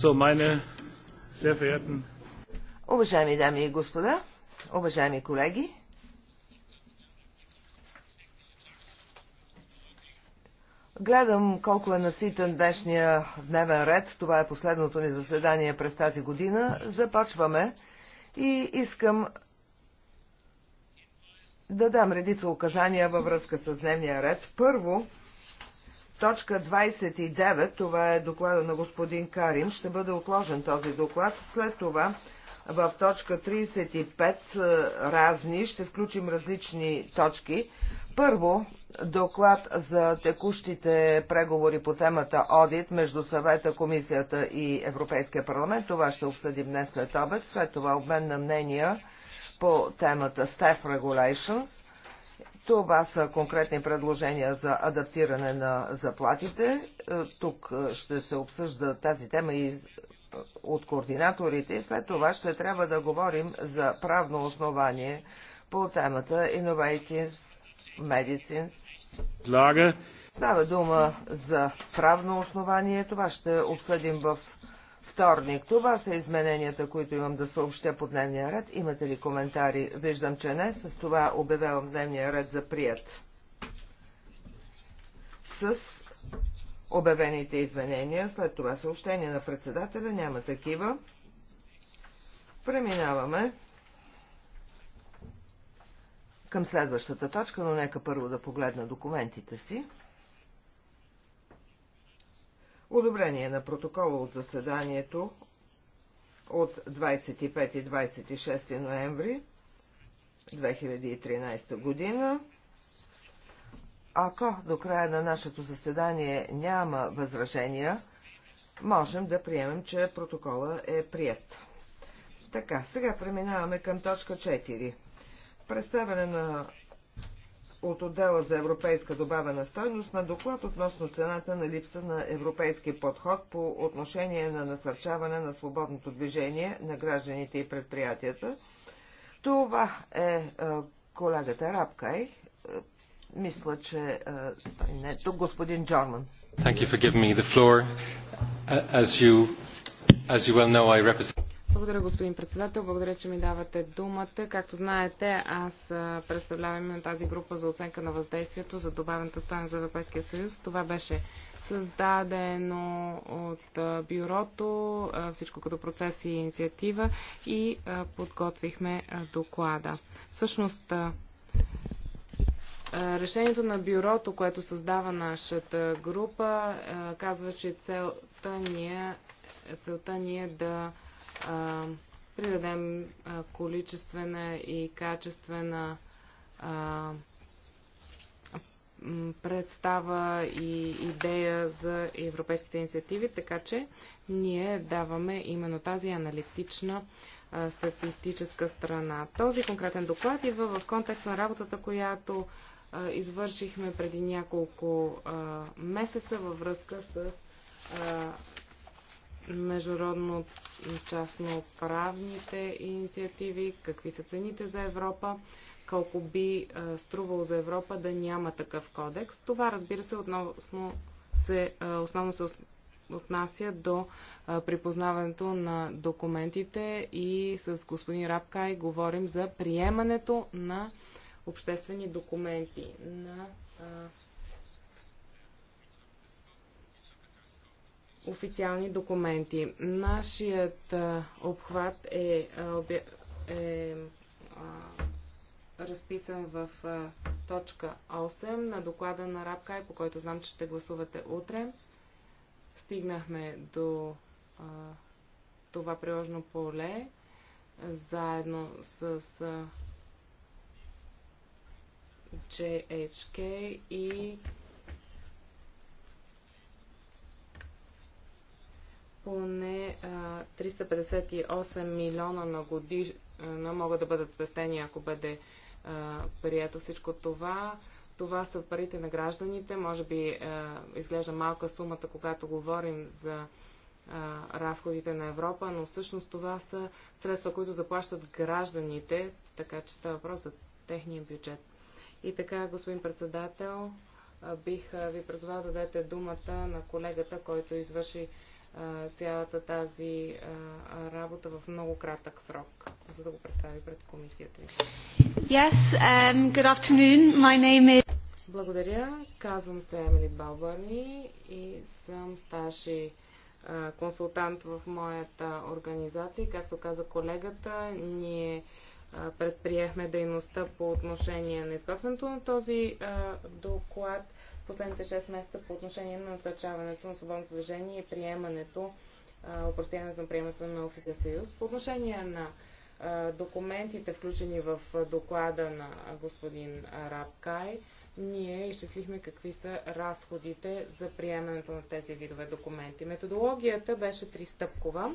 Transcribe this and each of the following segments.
So, meine sehr verehrten... Уважаеми дами и господа, уважаеми колеги, Гледам колко е наситен днешния дневен ред. Това е последното ни заседание през тази година. Започваме и искам да дам редица указания във връзка с дневния ред. Първо, Точка 29, това е доклада на господин Карим, ще бъде отложен този доклад. След това в точка 35 е, разни ще включим различни точки. Първо, доклад за текущите преговори по темата Одит между съвета, комисията и Европейския парламент. Това ще обсъдим днес след обед. След това обмен на мнения по темата Staff Regulations – това са конкретни предложения за адаптиране на заплатите. Е, тук е, ще се обсъжда тази тема и е, от координаторите след това ще трябва да говорим за правно основание по темата Innovative Medicines. Става дума за правно основание. Това ще обсъдим в вторник. Това са измененията, които имам да съобщя по дневния ред. Имате ли коментари? Виждам, че не. С това обявявам дневния ред за прият. С обявените изменения, след това съобщение на председателя, няма такива. Преминаваме към следващата точка, но нека първо да погледна документите си. Одобрение на протокола от заседанието от 25 и 26 ноември 2013 година. Ако до края на нашето заседание няма възражения, можем да приемем, че протокола е прият. Така, сега преминаваме към точка 4. Представяне на от отдела за европейска добавена стойност на доклад относно цената на липса на европейски подход по отношение на насърчаване на свободното движение на гражданите и предприятията. Това е, е колегата Рапкай. Е, мисля, че е, не е тук, господин Джорман. Thank you for giving me the floor. As you, as you well know, I represent... Благодаря, господин председател. Благодаря, че ми давате думата. Както знаете, аз представлявам именно тази група за оценка на въздействието за добавената стоеност за Европейския съюз. Това беше създадено от бюрото, всичко като процес и инициатива и подготвихме доклада. Всъщност, Решението на бюрото, което създава нашата група, казва, че целта ни е, целта ни е да а, придадем а, количествена и качествена а, представа и идея за европейските инициативи, така че ние даваме именно тази аналитична а, статистическа страна. Този конкретен доклад идва в контекст на работата, която а, извършихме преди няколко а, месеца във връзка с международно частноправните инициативи, какви са цените за Европа, колко би а, е, струвало за Европа да няма такъв кодекс. Това, разбира се, относно се, а, е, основно се отнася до а, е, припознаването на документите и с господин Рапкай говорим за приемането на обществени документи, на а, официални документи. Нашият а, обхват е, е, е а, разписан в а, точка 8 на доклада на Рабкай, по който знам, че ще гласувате утре. Стигнахме до а, това приложно поле заедно с а, JHK и поне а, 358 милиона на година могат да бъдат спестени, ако бъде а, прието всичко това. Това са парите на гражданите. Може би а, изглежда малка сумата, когато говорим за разходите на Европа, но всъщност това са средства, които заплащат гражданите, така че става въпрос за техния бюджет. И така, господин председател, бих ви призвал да дадете думата на колегата, който извърши цялата тази работа в много кратък срок, за да го представи пред комисията. Yes, um, good afternoon. My name is... Благодаря. Казвам се Емили Балбърни и съм старши консултант в моята организация. Както каза колегата, ние предприехме дейността по отношение на изготвянето на този доклад – последните 6 месеца по отношение на насърчаването на свободното движение и приемането, упростяването на приемането на Европейския съюз. По отношение на документите, включени в доклада на господин Рабкай, ние изчислихме какви са разходите за приемането на тези видове документи. Методологията беше тристъпкова.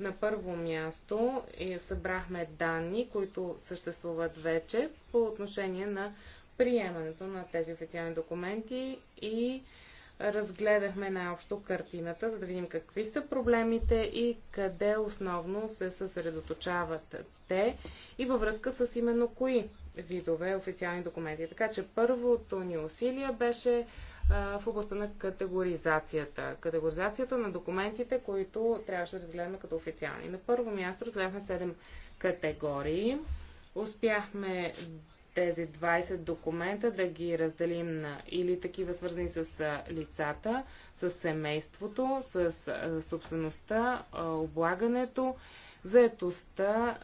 На първо място събрахме данни, които съществуват вече по отношение на приемането на тези официални документи и разгледахме най-общо картината, за да видим какви са проблемите и къде основно се съсредоточават те и във връзка с именно кои видове официални документи. Така че първото ни усилие беше в областта на категоризацията. Категоризацията на документите, които трябваше да разгледаме като официални. На първо място разгледахме 7 категории. Успяхме тези 20 документа, да ги разделим на или такива свързани с лицата, с семейството, с собствеността, облагането, заетостта,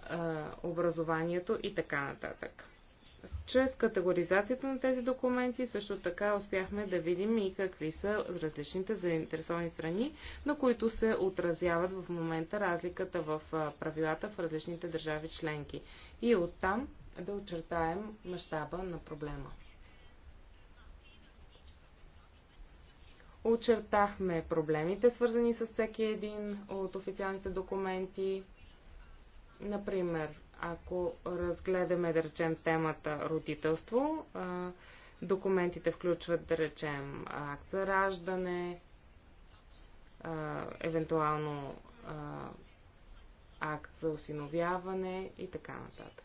образованието и така нататък. Чрез категоризацията на тези документи също така успяхме да видим и какви са различните заинтересовани страни, на които се отразяват в момента разликата в правилата в различните държави членки. И оттам да очертаем мащаба на проблема. Очертахме проблемите, свързани с всеки един от официалните документи. Например, ако разгледаме, да речем, темата родителство, документите включват, да речем, акт за раждане, евентуално акт за осиновяване и така нататък.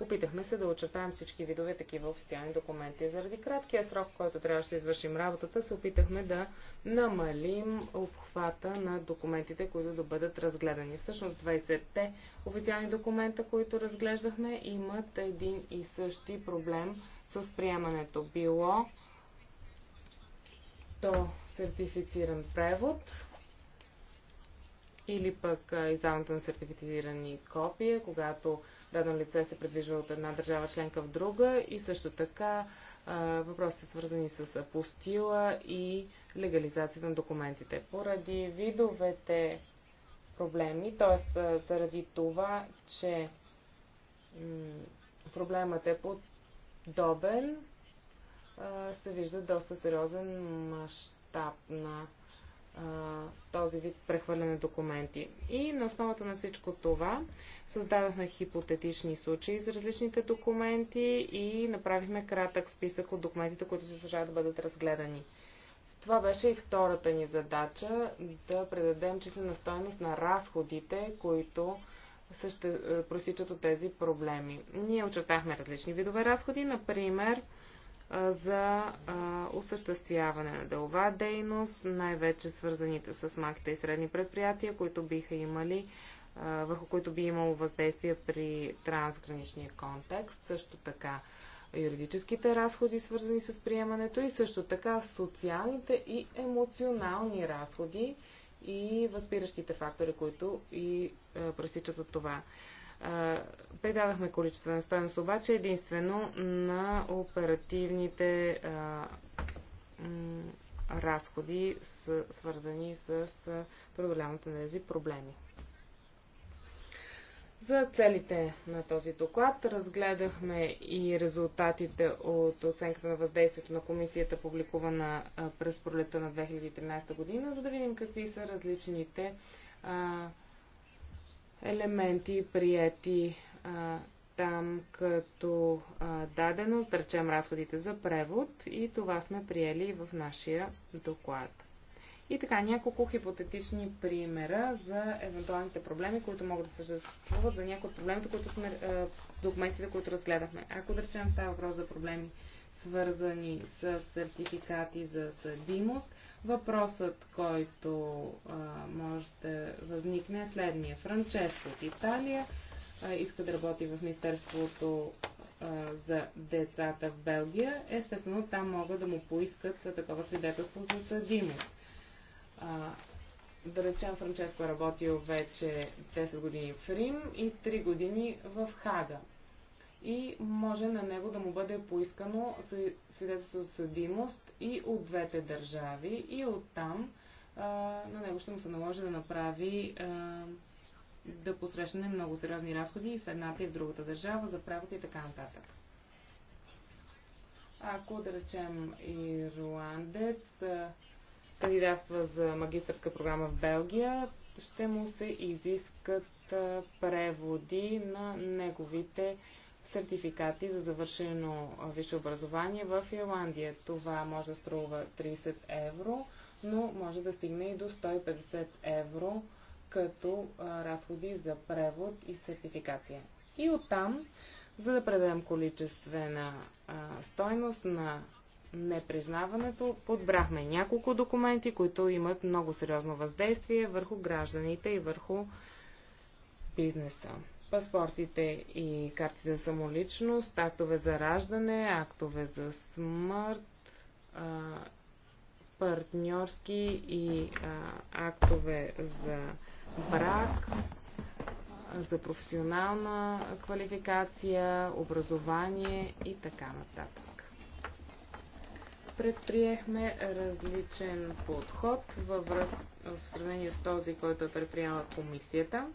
Опитахме се да очертаем всички видове такива официални документи. Заради краткия срок, който трябваше да извършим работата, се опитахме да намалим обхвата на документите, които да бъдат разгледани. Всъщност 20-те официални документа, които разглеждахме, имат един и същи проблем с приемането. Било то сертифициран превод, или пък издаването на сертифицирани копия, когато дадено лице се предвижва от една държава членка в друга и също така въпросите свързани с апостила и легализацията на документите. Поради видовете проблеми, т.е. заради това, че проблемът е подобен, се вижда доста сериозен мащаб на този вид прехвърляне документи. И на основата на всичко това създадахме хипотетични случаи за различните документи и направихме кратък списък от документите, които се служават да бъдат разгледани. Това беше и втората ни задача да предадем числена стойност на разходите, които просичат от тези проблеми. Ние очертахме различни видове разходи, например, за а, осъществяване на делова дейност, най-вече свързаните с малките и средни предприятия, които биха имали, а, върху които би имало въздействие при трансграничния контекст, също така юридическите разходи, свързани с приемането и също така социалните и емоционални разходи и възпиращите фактори, които и а, пресичат от това придавахме количествена стоеност обаче единствено на оперативните разходи, свързани с преодоляването на тези проблеми. За целите на този доклад разгледахме и резултатите от оценката на въздействието на комисията, публикувана през пролета на 2013 година, за да видим какви са различните а, елементи, прияти а, там като а, даденост, да речем разходите за превод и това сме приели в нашия доклад. И така, няколко хипотетични примера за евентуалните проблеми, които могат да съществуват, за някои от проблемите, които сме, документите, които разгледахме. Ако да речем става въпрос за проблеми, свързани с сертификати за съдимост, Въпросът, който а, може да възникне е следния. Франческо от Италия а, иска да работи в Министерството а, за децата в Белгия. Естествено, там могат да му поискат такова свидетелство за съдимост. А, да речем, Франческо е работил вече 10 години в Рим и 3 години в Хага и може на него да му бъде поискано свидетелство за съдимост и от двете държави и оттам а, на него ще му се наложи да направи а, да посрещне много сериозни разходи в едната и в другата държава за правото и така нататък. Ако, да речем, ирландец кандидатства за магистърска програма в Белгия, ще му се изискат преводи на неговите сертификати за завършено висше образование в Ирландия. Това може да струва 30 евро, но може да стигне и до 150 евро като разходи за превод и сертификация. И оттам, за да предадем количествена стойност на непризнаването, подбрахме няколко документи, които имат много сериозно въздействие върху гражданите и върху бизнеса паспортите и картите за самоличност, актове за раждане, актове за смърт, партньорски и актове за брак, за професионална квалификация, образование и така нататък. Предприехме различен подход във в сравнение с този, който е предприела комисията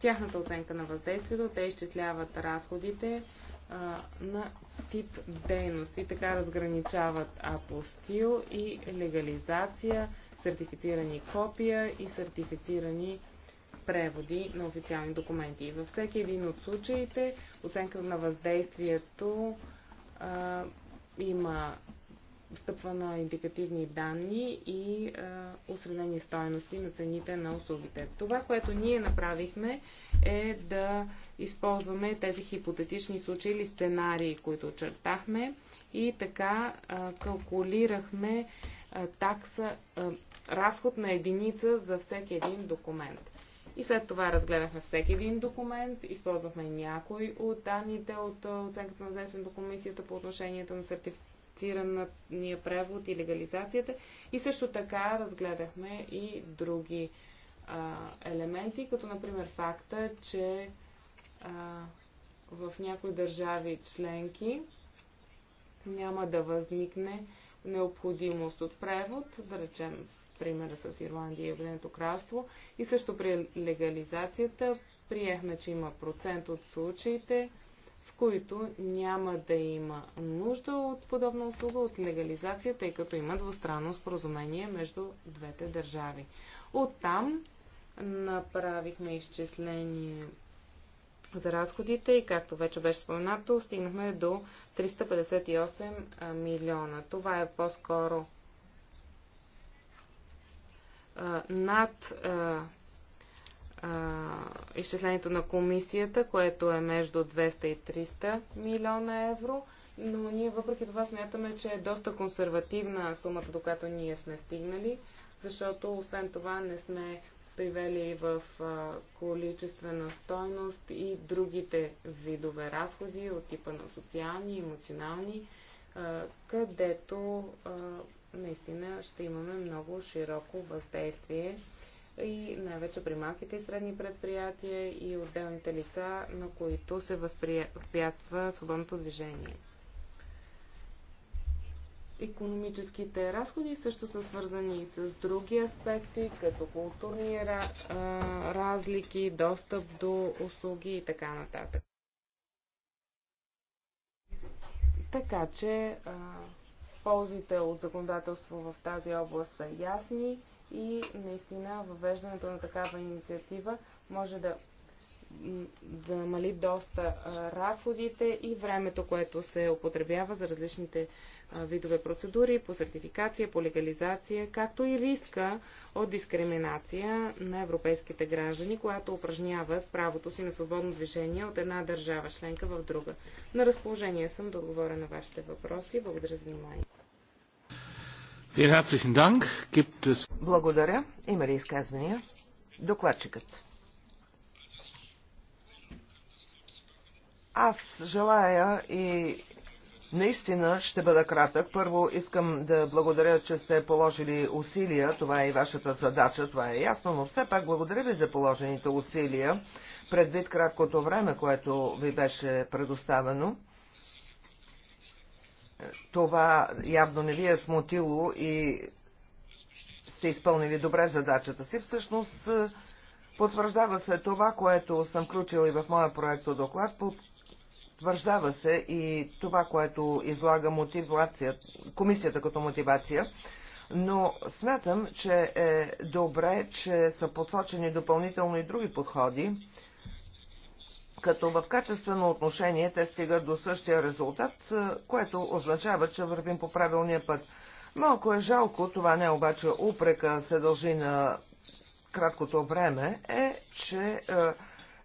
тяхната оценка на въздействието. Те изчисляват разходите а, на тип дейност и така разграничават апостил и легализация, сертифицирани копия и сертифицирани преводи на официални документи. И във всеки един от случаите оценката на въздействието а, има стъпва на индикативни данни и а, усредени стоености на цените на услугите. Това, което ние направихме е да използваме тези хипотетични случаи или сценарии, които очертахме и така а, калкулирахме а, такса, а, разход на единица за всеки един документ. И след това разгледахме всеки един документ, използвахме някой от данните от оценката на въздействието на комисията по отношението на сертификата асистирания превод и легализацията. И също така разгледахме и други а, елементи, като например факта, че а, в някои държави членки няма да възникне необходимост от превод, да речем примера с Ирландия и Обединеното кралство. И също при легализацията приехме, че има процент от случаите, които няма да има нужда от подобна услуга от легализация, тъй като има двустранно споразумение между двете държави. Оттам направихме изчисление за разходите и както вече беше споменато, стигнахме до 358 милиона. Това е по-скоро над изчислението на комисията, което е между 200 и 300 милиона евро, но ние въпреки това смятаме, че е доста консервативна сумата, до която ние сме стигнали, защото освен това не сме привели в а, количествена стойност и другите видове разходи от типа на социални, емоционални, а, където а, наистина ще имаме много широко въздействие и най-вече при малките и средни предприятия и отделните лица, на които се възпрепятства свободното движение. Економическите разходи също са свързани и с други аспекти, като културни разлики, достъп до услуги и така нататък. Така че ползите от законодателство в тази област са ясни и наистина въвеждането на такава инициатива може да да намали доста а, разходите и времето, което се употребява за различните а, видове процедури по сертификация, по легализация, както и риска от дискриминация на европейските граждани, която упражняват правото си на свободно движение от една държава членка в друга. На разположение съм да отговоря на вашите въпроси. Благодаря за вниманието. Благодаря. Има ли изказвания? Докладчикът. Аз желая и Наистина ще бъда кратък. Първо искам да благодаря, че сте положили усилия. Това е и вашата задача, това е ясно, но все пак благодаря ви за положените усилия, предвид краткото време, което ви беше предоставено това явно не ви е смутило и сте изпълнили добре задачата си. Всъщност е, потвърждава се това, което съм включил и в моя проект за доклад. Потвърждава се и това, което излага мотивация, комисията като мотивация. Но смятам, че е добре, че са подсочени допълнително и други подходи като в качествено отношение те стигат до същия резултат, е, което означава, че вървим по правилния път. Малко е жалко, това не е обаче упрека се дължи на краткото време, е, че е,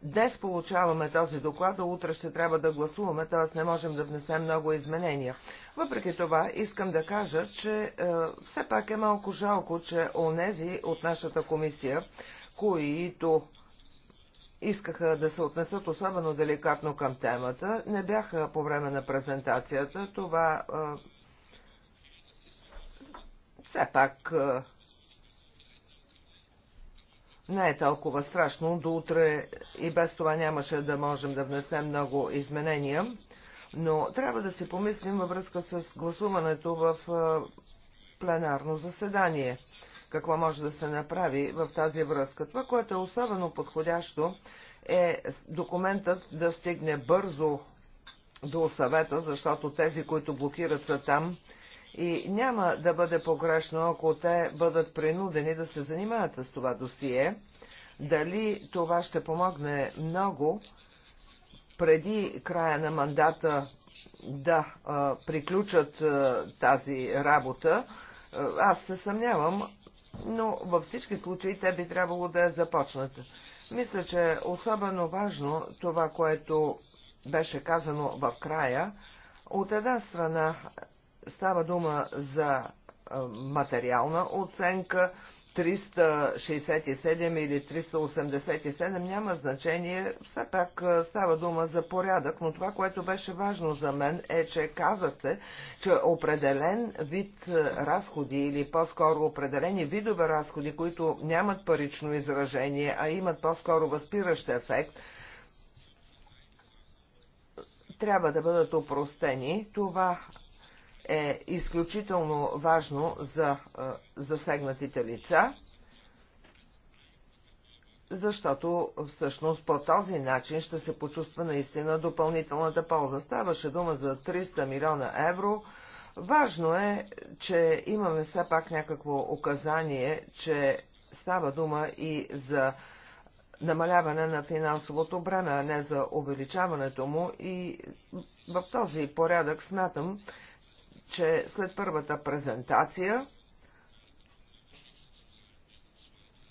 днес получаваме този доклад, а утре ще трябва да гласуваме, т.е. не можем да внесем много изменения. Въпреки това, искам да кажа, че е, все пак е малко жалко, че онези от нашата комисия, които искаха да се отнесат особено деликатно към темата. Не бяха по време на презентацията. Това а, все пак а, не е толкова страшно. До утре и без това нямаше да можем да внесем много изменения, но трябва да си помислим във връзка с гласуването в пленарно заседание какво може да се направи в тази връзка. Това, което е особено подходящо, е документът да стигне бързо до съвета, защото тези, които блокират са там и няма да бъде погрешно, ако те бъдат принудени да се занимават с това досие. Дали това ще помогне много преди края на мандата да а, приключат а, тази работа, аз се съмнявам, но във всички случаи те би трябвало да започнат. Мисля, че е особено важно това, което беше казано в края. От една страна става дума за материална оценка, 367 или 387 няма значение, все пак става дума за порядък, но това, което беше важно за мен е, че казахте, че определен вид разходи или по-скоро определени видове разходи, които нямат парично изражение, а имат по-скоро възпиращ ефект, трябва да бъдат опростени. Това е изключително важно за е, засегнатите лица, защото всъщност по този начин ще се почувства наистина допълнителната полза. Ставаше дума за 300 милиона евро. Важно е, че имаме все пак някакво указание, че става дума и за намаляване на финансовото бреме, а не за увеличаването му и в този порядък смятам, че след първата презентация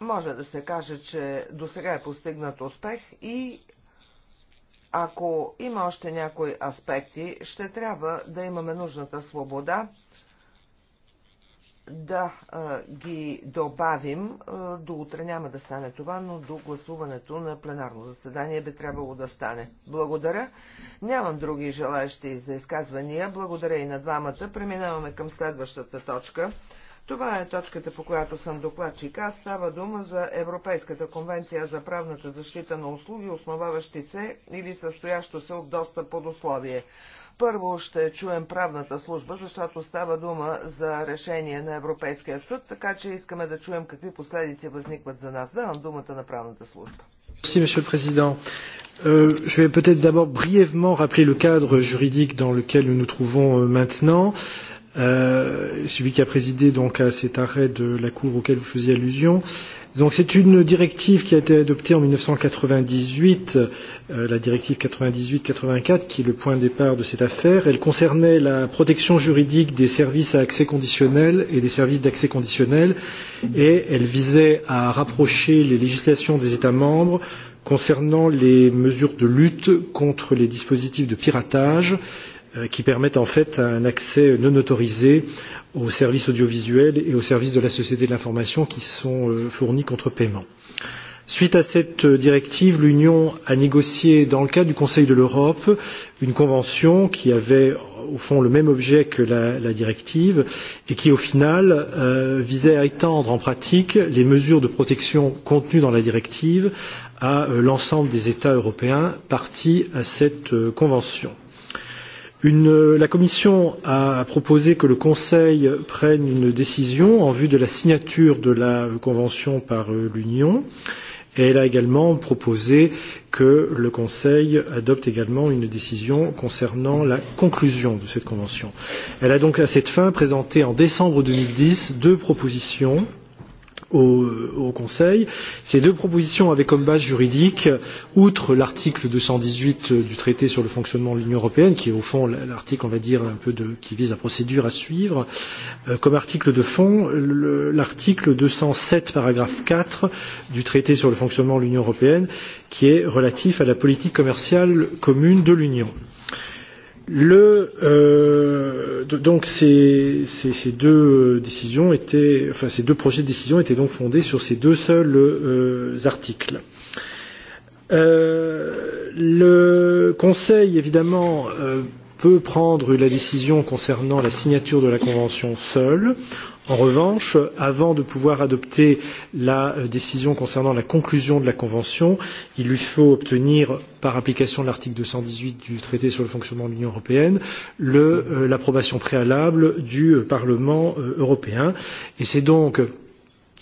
може да се каже, че до сега е постигнат успех и ако има още някои аспекти, ще трябва да имаме нужната свобода да а, ги добавим. А, до утре няма да стане това, но до гласуването на пленарно заседание би трябвало да стане. Благодаря. Нямам други желаящи за изказвания. Благодаря и на двамата. Преминаваме към следващата точка. Това е точката, по която съм докладчик. Аз става дума за Европейската конвенция за правната защита на услуги, основаващи се или състоящо се от доста условие. Първо ще чуем правната служба, защото става дума за решение на Европейския съд, така че искаме да чуем какви последици възникват за нас. Давам думата на правната служба. Merci, Monsieur le Président. Euh, je vais peut-être d'abord brièvement rappeler le cadre juridique dans lequel nous nous trouvons euh, maintenant. Euh, celui qui a présidé donc à cet arrêt de la Cour auquel vous faisiez allusion. Donc c'est une directive qui a été adoptée en 1998, euh, la directive 98-84, qui est le point de départ de cette affaire. Elle concernait la protection juridique des services à accès conditionnel et des services d'accès conditionnel, et elle visait à rapprocher les législations des États membres concernant les mesures de lutte contre les dispositifs de piratage qui permettent en fait un accès non autorisé aux services audiovisuels et aux services de la société de l'information qui sont fournis contre paiement. Suite à cette directive, l'Union a négocié dans le cadre du Conseil de l'Europe une convention qui avait au fond le même objet que la, la directive et qui au final euh, visait à étendre en pratique les mesures de protection contenues dans la directive à euh, l'ensemble des États européens partis à cette euh, convention. Une, la Commission a proposé que le Conseil prenne une décision en vue de la signature de la Convention par l'Union. Et elle a également proposé que le Conseil adopte également une décision concernant la conclusion de cette Convention. Elle a donc à cette fin présenté en décembre deux mille dix deux propositions euh, au, Conseil. Ces deux propositions avaient comme base juridique, outre l'article 218 du traité sur le fonctionnement de l'Union européenne, qui est au fond l'article, on va dire, un peu de, qui vise la procédure à suivre, euh, comme article de fond, l'article 207, paragraphe 4 du traité sur le fonctionnement de l'Union européenne, qui est relatif à la politique commerciale commune de l'Union. Le, euh, donc ces, ces, ces deux décisions étaient, enfin ces deux projets de décision étaient donc fondés sur ces deux seuls euh, articles. Euh, le Conseil, évidemment, euh, peut prendre la décision concernant la signature de la convention seule En revanche, avant de pouvoir adopter la décision concernant la conclusion de la Convention, il lui faut obtenir, par application de l'article 218 du traité sur le fonctionnement de l'Union européenne, l'approbation préalable du Parlement européen. Et c'est donc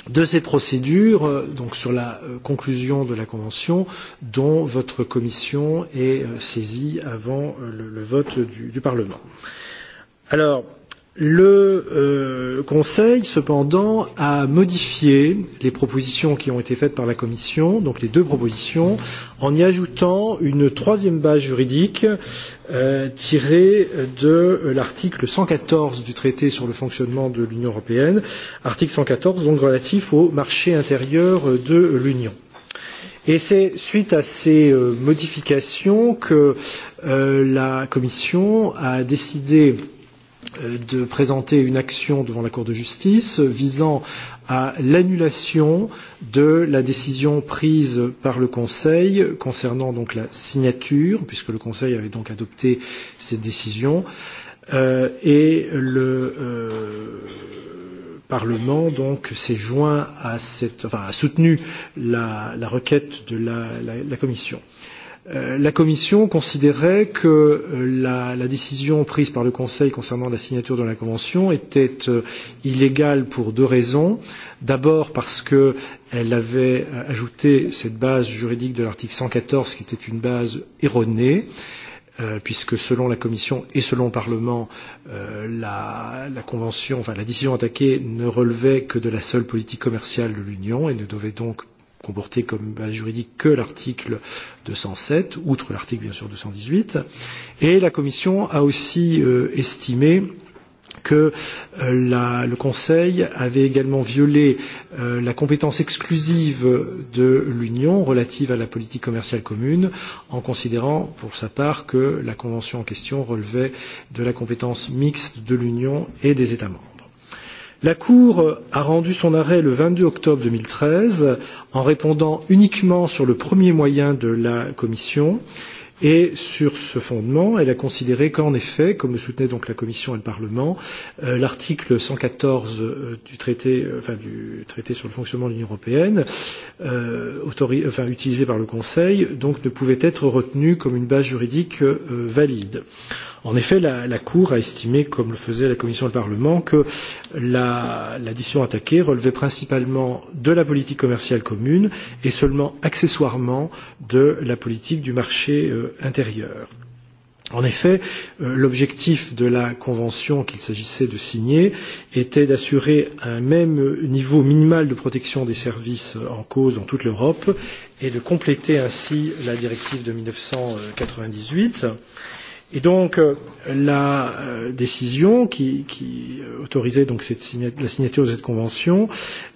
de ces procédures, donc sur la conclusion de la Convention, dont votre commission est saisie avant le, vote du, Parlement. Alors, Le euh, Conseil, cependant, a modifié les propositions qui ont été faites par la Commission, donc les deux propositions, en y ajoutant une troisième base juridique euh, tirée de l'article 114 du traité sur le fonctionnement de l'Union européenne, article 114 donc relatif au marché intérieur de l'Union. Et c'est suite à ces modifications que euh, la Commission a décidé euh, de présenter une action devant la Cour de justice visant à l'annulation de la décision prise par le Conseil concernant donc la signature, puisque le Conseil avait donc adopté cette décision, euh, et le euh, Parlement donc s'est joint à cette, enfin, a soutenu la, la requête de la, la, la Commission. Euh, la Commission considérait que la, la décision prise par le Conseil concernant la signature de la Convention était illégale pour deux raisons. D'abord parce qu'elle avait ajouté cette base juridique de l'article 114 qui était une base erronée puisque selon la Commission et selon le Parlement, la, la Convention, enfin la décision attaquée ne relevait que de la seule politique commerciale de l'Union et ne devait donc comporter comme base juridique que l'article 207, outre l'article bien sûr 218. Et la Commission a aussi euh, estimé que la, le Conseil avait également violé euh, la compétence exclusive de l'Union relative à la politique commerciale commune, en considérant pour sa part que la Convention en question relevait de la compétence mixte de l'Union et des États membres. La Cour a rendu son arrêt le 22 octobre 2013 en répondant uniquement sur le premier moyen de la Commission et sur ce fondement, elle a considéré qu'en effet, comme le soutenaient donc la Commission et le Parlement, euh, l'article 114 euh, du traité, euh, enfin du traité sur le fonctionnement de l'Union européenne, euh, autori enfin utilisé par le Conseil, donc ne pouvait être retenu comme une base juridique euh, valide. En effet, la, la Cour a estimé, comme le faisait la Commission et le Parlement, que la, la décision attaquée relevait principalement de la politique commerciale commune et seulement accessoirement de la politique du marché euh, intérieur. En effet, l'objectif de la convention qu'il s'agissait de signer était d'assurer un même niveau minimal de protection des services en cause dans toute l'Europe et de compléter ainsi la directive de 1998. Et donc la décision qui, qui autorisait donc cette la signature de cette convention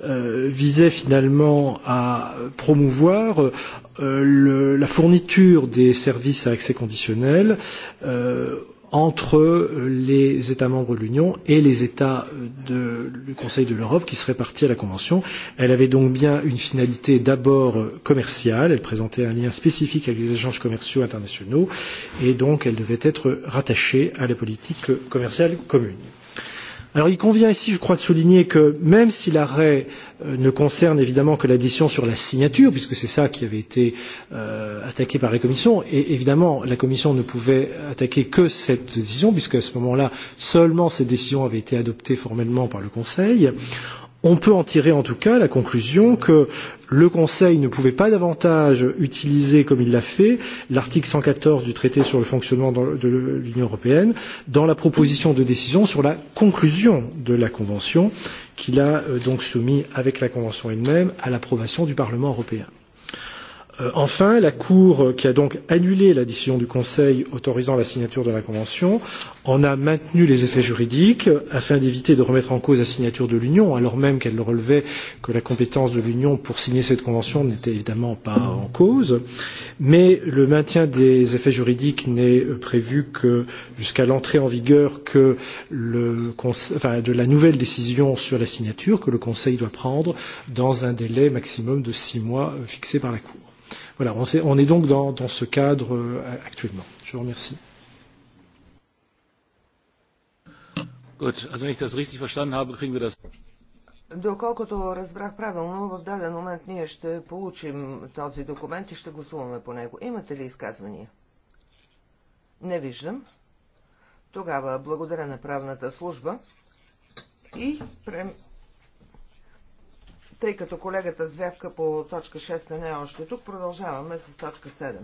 euh, visait finalement à promouvoir euh, le, la fourniture des services à accès conditionnel euh, entre les États membres de l'Union et les États de, du Conseil de l'Europe qui seraient partis à la Convention. Elle avait donc bien une finalité d'abord commerciale, elle présentait un lien spécifique avec les échanges commerciaux internationaux et donc elle devait être rattachée à la politique commerciale commune. Alors il convient ici, je crois, de souligner que même si l'arrêt euh, ne concerne évidemment que l'addition sur la signature, puisque c'est ça qui avait été euh, attaqué par la Commission. Et évidemment, la Commission ne pouvait attaquer que cette décision, puisque à ce moment-là, seulement cette décision avait été adoptée formellement par le Conseil. On peut en tirer en tout cas la conclusion que le Conseil ne pouvait pas davantage utiliser, comme il l'a fait, l'article cent quatorze du traité sur le fonctionnement de l'Union européenne dans la proposition de décision sur la conclusion de la Convention, qu'il a donc soumise avec la Convention elle-même à l'approbation du Parlement européen enfin, la Cour, qui a donc annulé la décision du Conseil autorisant la signature de la Convention, en a maintenu les effets juridiques afin d'éviter de remettre en cause la signature de l'Union, alors même qu'elle relevait que la compétence de l'Union pour signer cette Convention n'était évidemment pas en cause. Mais le maintien des effets juridiques n'est prévu que jusqu'à l'entrée en vigueur que le, enfin, de la nouvelle décision sur la signature que le Conseil doit prendre dans un délai maximum de six mois fixé par la Cour. Voilà, on, est, on est donc dans, dans ce cadre euh, actuellement. Je vous remercie. Gut, also wenn ich das richtig verstanden habe, kriegen wir das. Доколкото разбрах правилно, в даден момент ние ще получим този документ и ще гласуваме по него. Имате ли изказвания? Не виждам. Тогава благодаря на правната служба и прем... Тъй като колегата Звявка по точка 6 не е още тук, продължаваме с точка 7.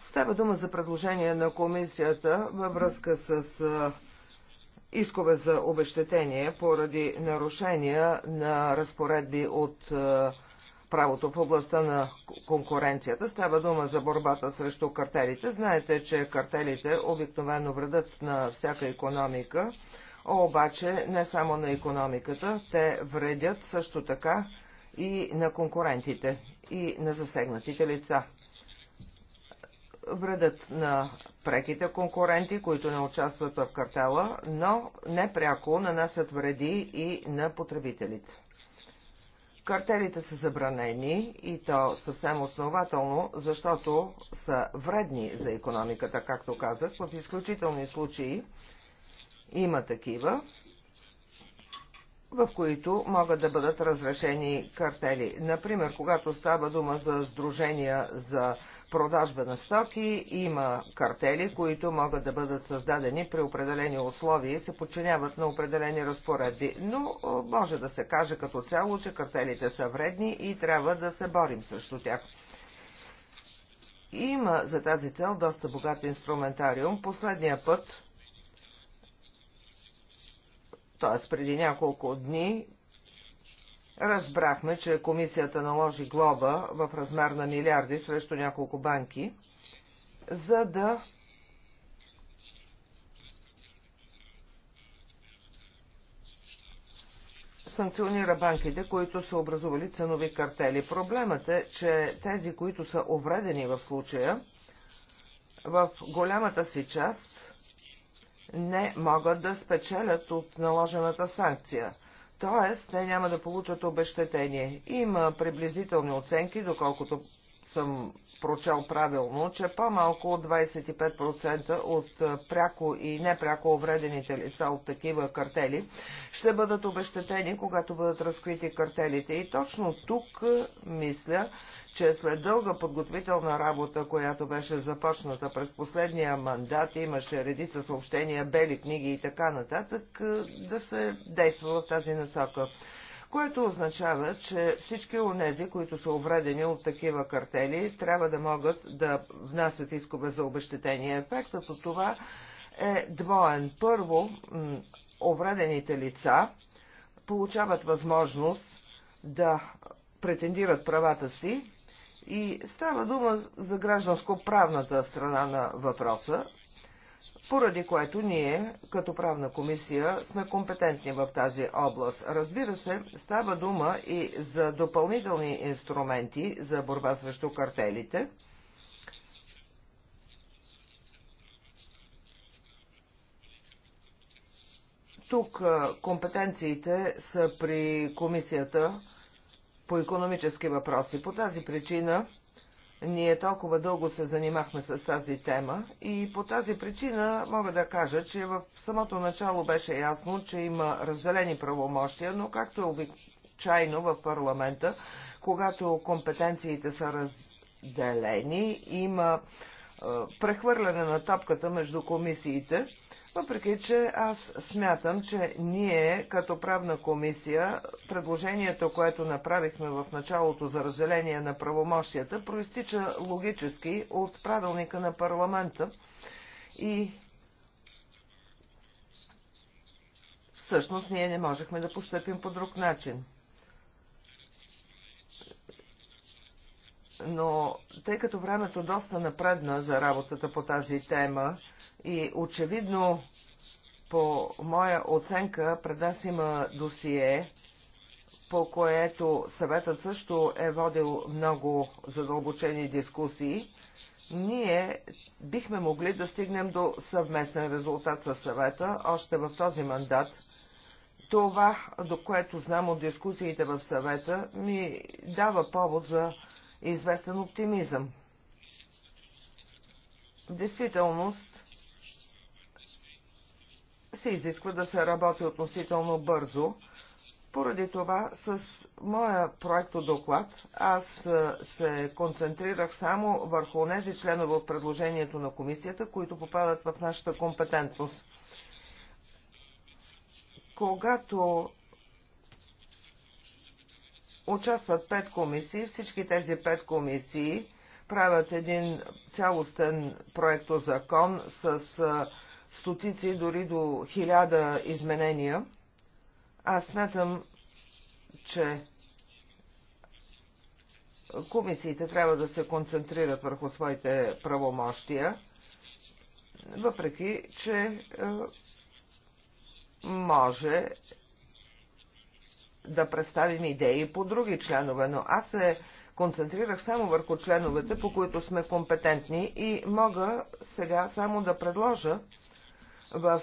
Става дума за предложение на комисията във връзка с искове за обещетение поради нарушения на разпоредби от правото в областта на конкуренцията. Става дума за борбата срещу картелите. Знаете, че картелите обикновено вредят на всяка економика, обаче не само на економиката, те вредят също така и на конкурентите и на засегнатите лица. Вредят на преките конкуренти, които не участват в картела, но непряко нанасят вреди и на потребителите. Картелите са забранени и то съвсем основателно, защото са вредни за економиката, както казах. В изключителни случаи има такива, в които могат да бъдат разрешени картели. Например, когато става дума за сдружения за продажба на стоки, има картели, които могат да бъдат създадени при определени условия и се подчиняват на определени разпоредби. Но може да се каже като цяло, че картелите са вредни и трябва да се борим срещу тях. Има за тази цел доста богат инструментариум. Последния път, т.е. преди няколко дни, разбрахме, че комисията наложи глоба в размер на милиарди срещу няколко банки, за да санкционира банките, които са образували ценови картели. Проблемът е, че тези, които са увредени в случая, в голямата си част не могат да спечелят от наложената санкция – Тоест, те няма да получат обещетение. Има приблизителни оценки, доколкото съм прочел правилно, че по-малко от 25% от пряко и непряко увредените лица от такива картели ще бъдат обещетени, когато бъдат разкрити картелите. И точно тук мисля, че след дълга подготвителна работа, която беше започната през последния мандат, имаше редица съобщения, бели книги и така нататък, да се действа в тази насока което означава, че всички онези, които са увредени от такива картели, трябва да могат да внасят искове за обещетение. Ефектът от това е двоен. Първо, увредените лица получават възможност да претендират правата си и става дума за гражданско-правната страна на въпроса поради което ние, като правна комисия, сме компетентни в тази област. Разбира се, става дума и за допълнителни инструменти за борба срещу картелите. Тук компетенциите са при комисията по економически въпроси. По тази причина ние толкова дълго се занимахме с тази тема и по тази причина мога да кажа, че в самото начало беше ясно, че има разделени правомощия, но както е обичайно в парламента, когато компетенциите са разделени, има прехвърляне на топката между комисиите, въпреки че аз смятам, че ние като правна комисия, предложението, което направихме в началото за разделение на правомощията, проистича логически от правилника на парламента и всъщност ние не можехме да поступим по друг начин. но тъй като времето доста напредна за работата по тази тема и очевидно по моя оценка пред нас има досие, по което съветът също е водил много задълбочени дискусии, ние бихме могли да стигнем до съвместен резултат със съвета още в този мандат. Това, до което знам от дискусиите в съвета, ми дава повод за известен оптимизъм. В действителност се изисква да се работи относително бързо. Поради това с моя проектодоклад аз се концентрирах само върху тези членове от предложението на комисията, които попадат в нашата компетентност. Когато участват пет комисии. Всички тези пет комисии правят един цялостен закон с стотици, дори до хиляда изменения. Аз смятам, че комисиите трябва да се концентрират върху своите правомощия, въпреки че може да представим идеи по други членове, но аз се концентрирах само върху членовете, по които сме компетентни и мога сега само да предложа в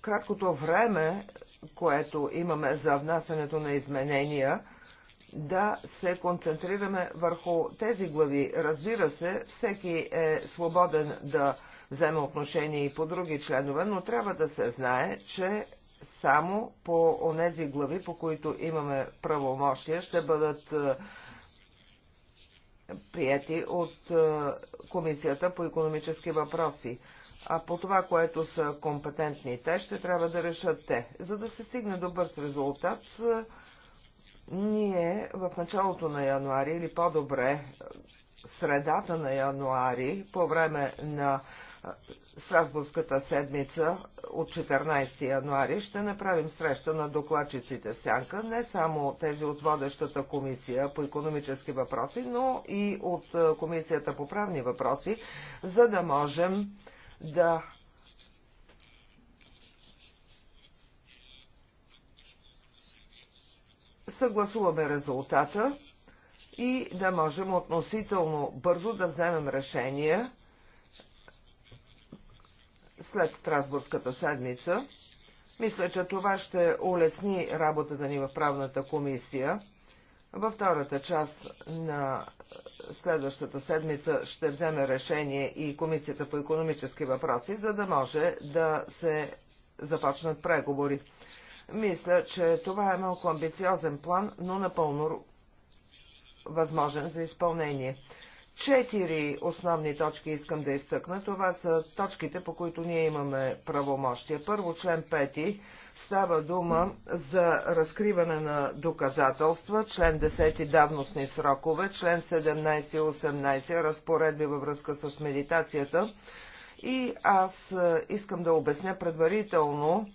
краткото време, което имаме за внасянето на изменения, да се концентрираме върху тези глави. Разбира се, всеки е свободен да вземе отношение и по други членове, но трябва да се знае, че само по онези глави, по които имаме правомощия, ще бъдат е, прияти от е, Комисията по економически въпроси. А по това, което са компетентни те, ще трябва да решат те. За да се стигне до бърз резултат, е, ние в началото на януари или по-добре средата на януари, по време на Страсбургската седмица от 14 януари ще направим среща на докладчиците Сянка, не само тези от водещата комисия по економически въпроси, но и от е, комисията по правни въпроси, за да можем да съгласуваме резултата и да можем относително бързо да вземем решение след Страсбургската седмица. Мисля, че това ще улесни работата ни в правната комисия. Във втората част на следващата седмица ще вземе решение и Комисията по економически въпроси, за да може да се започнат преговори. Мисля, че това е малко амбициозен план, но напълно възможен за изпълнение. Четири основни точки искам да изтъкна. Това са точките, по които ние имаме правомощия. Първо, член 5 става дума за разкриване на доказателства, член 10 давностни срокове, член 17 и 18 разпоредби във връзка с медитацията. И аз е, искам да обясня предварително,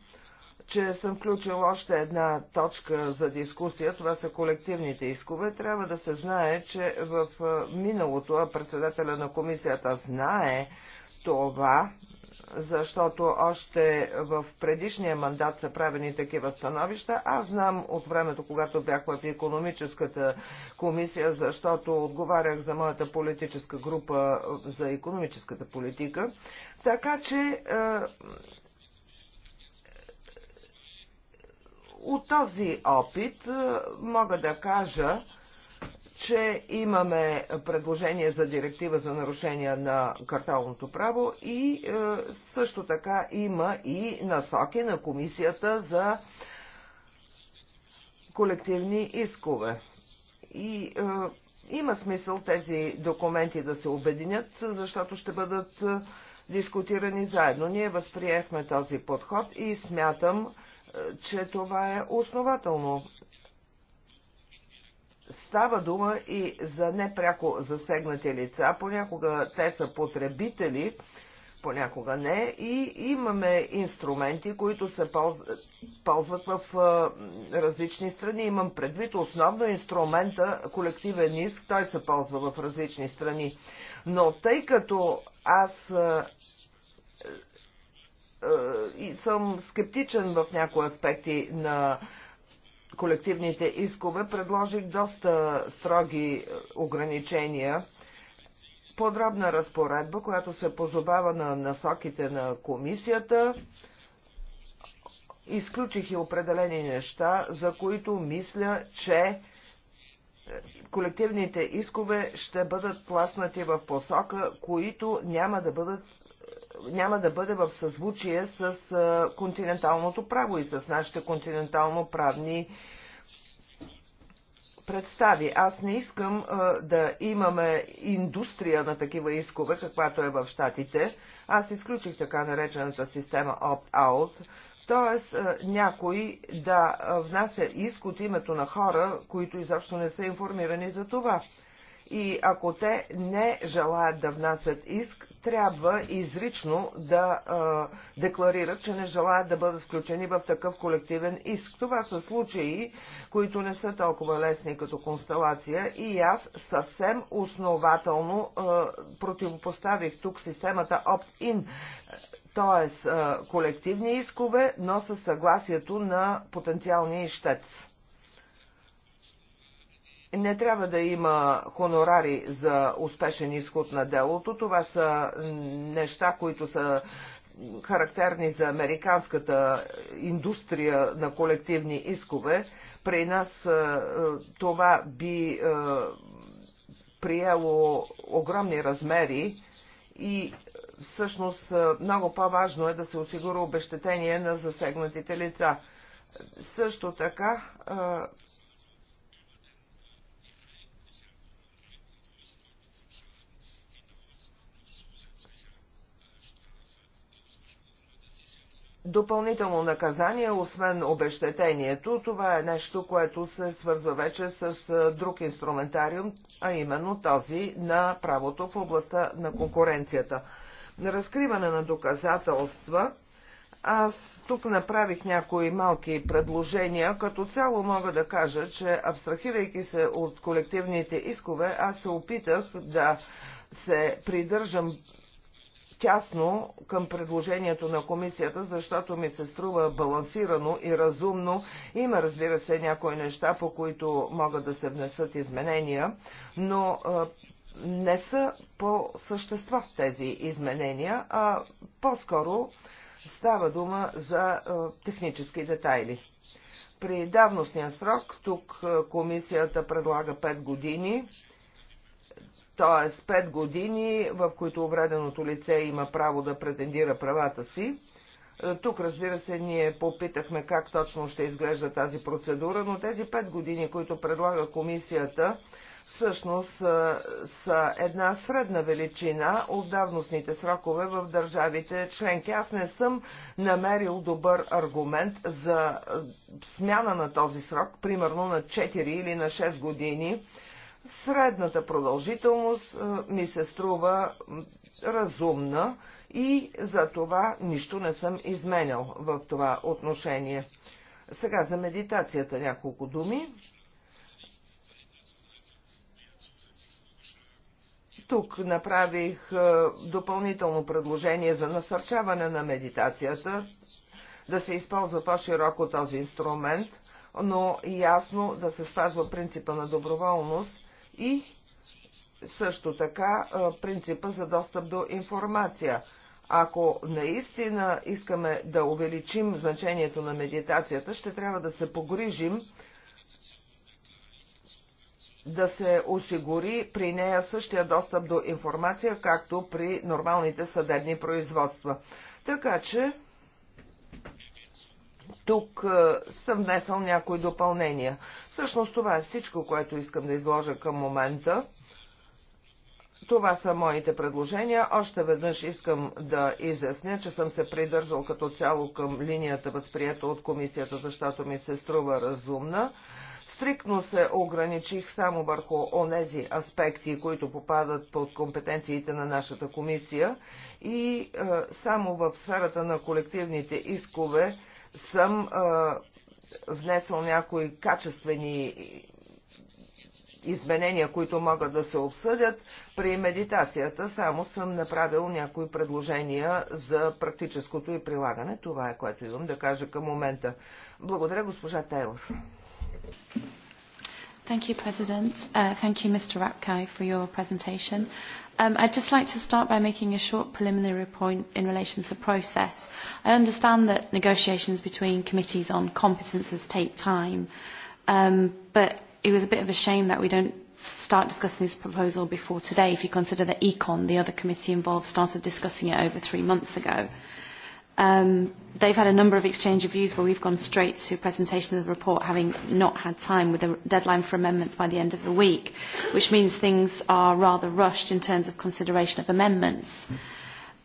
че съм включил още една точка за дискусия. Това са колективните искове. Трябва да се знае, че в миналото председателя на комисията знае това, защото още в предишния мандат са правени такива становища. Аз знам от времето, когато бях в економическата комисия, защото отговарях за моята политическа група за економическата политика. Така че От този опит е, мога да кажа, че имаме предложение за директива за нарушение на карталното право и е, също така има и насоки на комисията за колективни искове. И е, има смисъл тези документи да се обединят, защото ще бъдат дискутирани заедно. Ние възприехме този подход и смятам, че това е основателно. Става дума и за непряко засегнати лица. Понякога те са потребители, понякога не. И имаме инструменти, които се ползват в различни страни. Имам предвид основно инструмента колективен иск. Той се ползва в различни страни. Но тъй като аз е, и съм скептичен в някои аспекти на колективните искове. Предложих доста строги е, ограничения. Подробна разпоредба, която се позобава на насоките на комисията. Изключих и определени неща, за които мисля, че е, колективните искове ще бъдат пласнати в посока, които няма да бъдат няма да бъде в съзвучие с континенталното право и с нашите континентално правни представи. Аз не искам да имаме индустрия на такива искове, каквато е в Штатите. Аз изключих така наречената система opt-out, т.е. някой да внася иск от името на хора, които изобщо не са информирани за това и ако те не желаят да внасят иск, трябва изрично да а, декларират, че не желаят да бъдат включени в такъв колективен иск. Това са случаи, които не са толкова лесни като констелация и аз съвсем основателно а, противопоставих тук системата opt-in, т.е. колективни искове, но със съгласието на потенциалния ищец. Не трябва да има хонорари за успешен изход на делото. Това са неща, които са характерни за американската индустрия на колективни искове. При нас е, това би е, приело огромни размери и всъщност е, много по-важно е да се осигури обещетение на засегнатите лица. Също така Допълнително наказание, освен обещетението, това е нещо, което се свързва вече с друг инструментариум, а именно този на правото в областта на конкуренцията. На разкриване на доказателства аз тук направих някои малки предложения. Като цяло мога да кажа, че абстрахирайки се от колективните искове, аз се опитах да се придържам тясно към предложението на комисията, защото ми се струва балансирано и разумно. Има, разбира се, някои неща, по които могат да се внесат изменения, но не са по същество тези изменения, а по-скоро става дума за технически детайли. При давностния срок тук комисията предлага 5 години т.е. 5 години, в които увреденото лице има право да претендира правата си. Е, тук, разбира се, ние попитахме как точно ще изглежда тази процедура, но тези 5 години, които предлага комисията, всъщност е, са една средна величина от давностните срокове в държавите членки. Аз не съм намерил добър аргумент за е, смяна на този срок, примерно на 4 или на 6 години Средната продължителност ми се струва разумна и за това нищо не съм изменял в това отношение. Сега за медитацията няколко думи. Тук направих допълнително предложение за насърчаване на медитацията, да се използва по-широко този инструмент, но ясно да се спазва принципа на доброволност и също така принципа за достъп до информация. Ако наистина искаме да увеличим значението на медитацията, ще трябва да се погрижим да се осигури при нея същия достъп до информация, както при нормалните съдебни производства. Така че тук е, съм внесъл някои допълнения. Всъщност това е всичко, което искам да изложа към момента. Това са моите предложения. Още веднъж искам да изясня, че съм се придържал като цяло към линията, възприета от комисията, защото ми се струва разумна. Стрикно се ограничих само върху онези аспекти, които попадат под компетенциите на нашата комисия и е, само в сферата на колективните искове съм внесъл някои качествени изменения, които могат да се обсъдят. При медитацията само съм направил някои предложения за практическото и прилагане. Това е което имам да кажа към момента. Благодаря, госпожа Тейлор. Thank you, President. Uh, thank you, Mr. Rapkai, for your presentation. Um, I'd just like to start by making a short preliminary point in relation to process. I understand that negotiations between committees on competences take time, um, but it was a bit of a shame that we don't start discussing this proposal before today if you consider that ECON, the other committee involved, started discussing it over three months ago. Um, they've had a number of exchange of views where we've gone straight to presentation of the report, having not had time with a deadline for amendments by the end of the week, which means things are rather rushed in terms of consideration of amendments.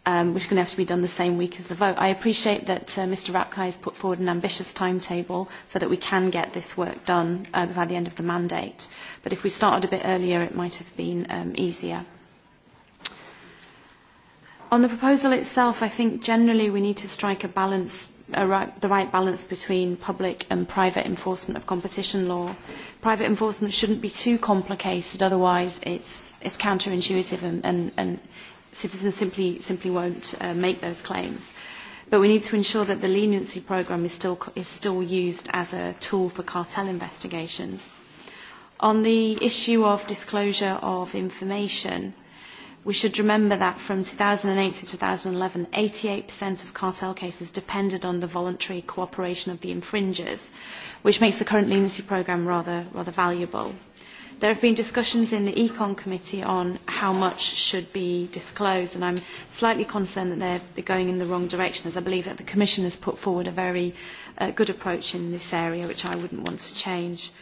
Um, which is going to have to be done the same week as the vote. I appreciate that uh, Mr. Rapkai has put forward an ambitious timetable so that we can get this work done uh, by the end of the mandate. But if we started a bit earlier, it might have been um, easier. On the proposal itself, I think generally we need to strike a balance a right the right balance between public and private enforcement of competition law. Private enforcement shouldn't be too complicated, otherwise it's, it's counterintuitive and, and, and citizens simply, simply won't uh, make those claims. But we need to ensure that the leniency programme is still, is still used as a tool for cartel investigations. On the issue of disclosure of information, We should remember that from 2008 to 2011, 88% of cartel cases depended on the voluntary cooperation of the infringers, which makes the current leniency programme rather, rather valuable. There have been discussions in the Econ Committee on how much should be disclosed, and I'm slightly concerned that they're, they're going in the wrong direction, as I believe that the Commission has put forward a very uh, good approach in this area, which I wouldn't want to change.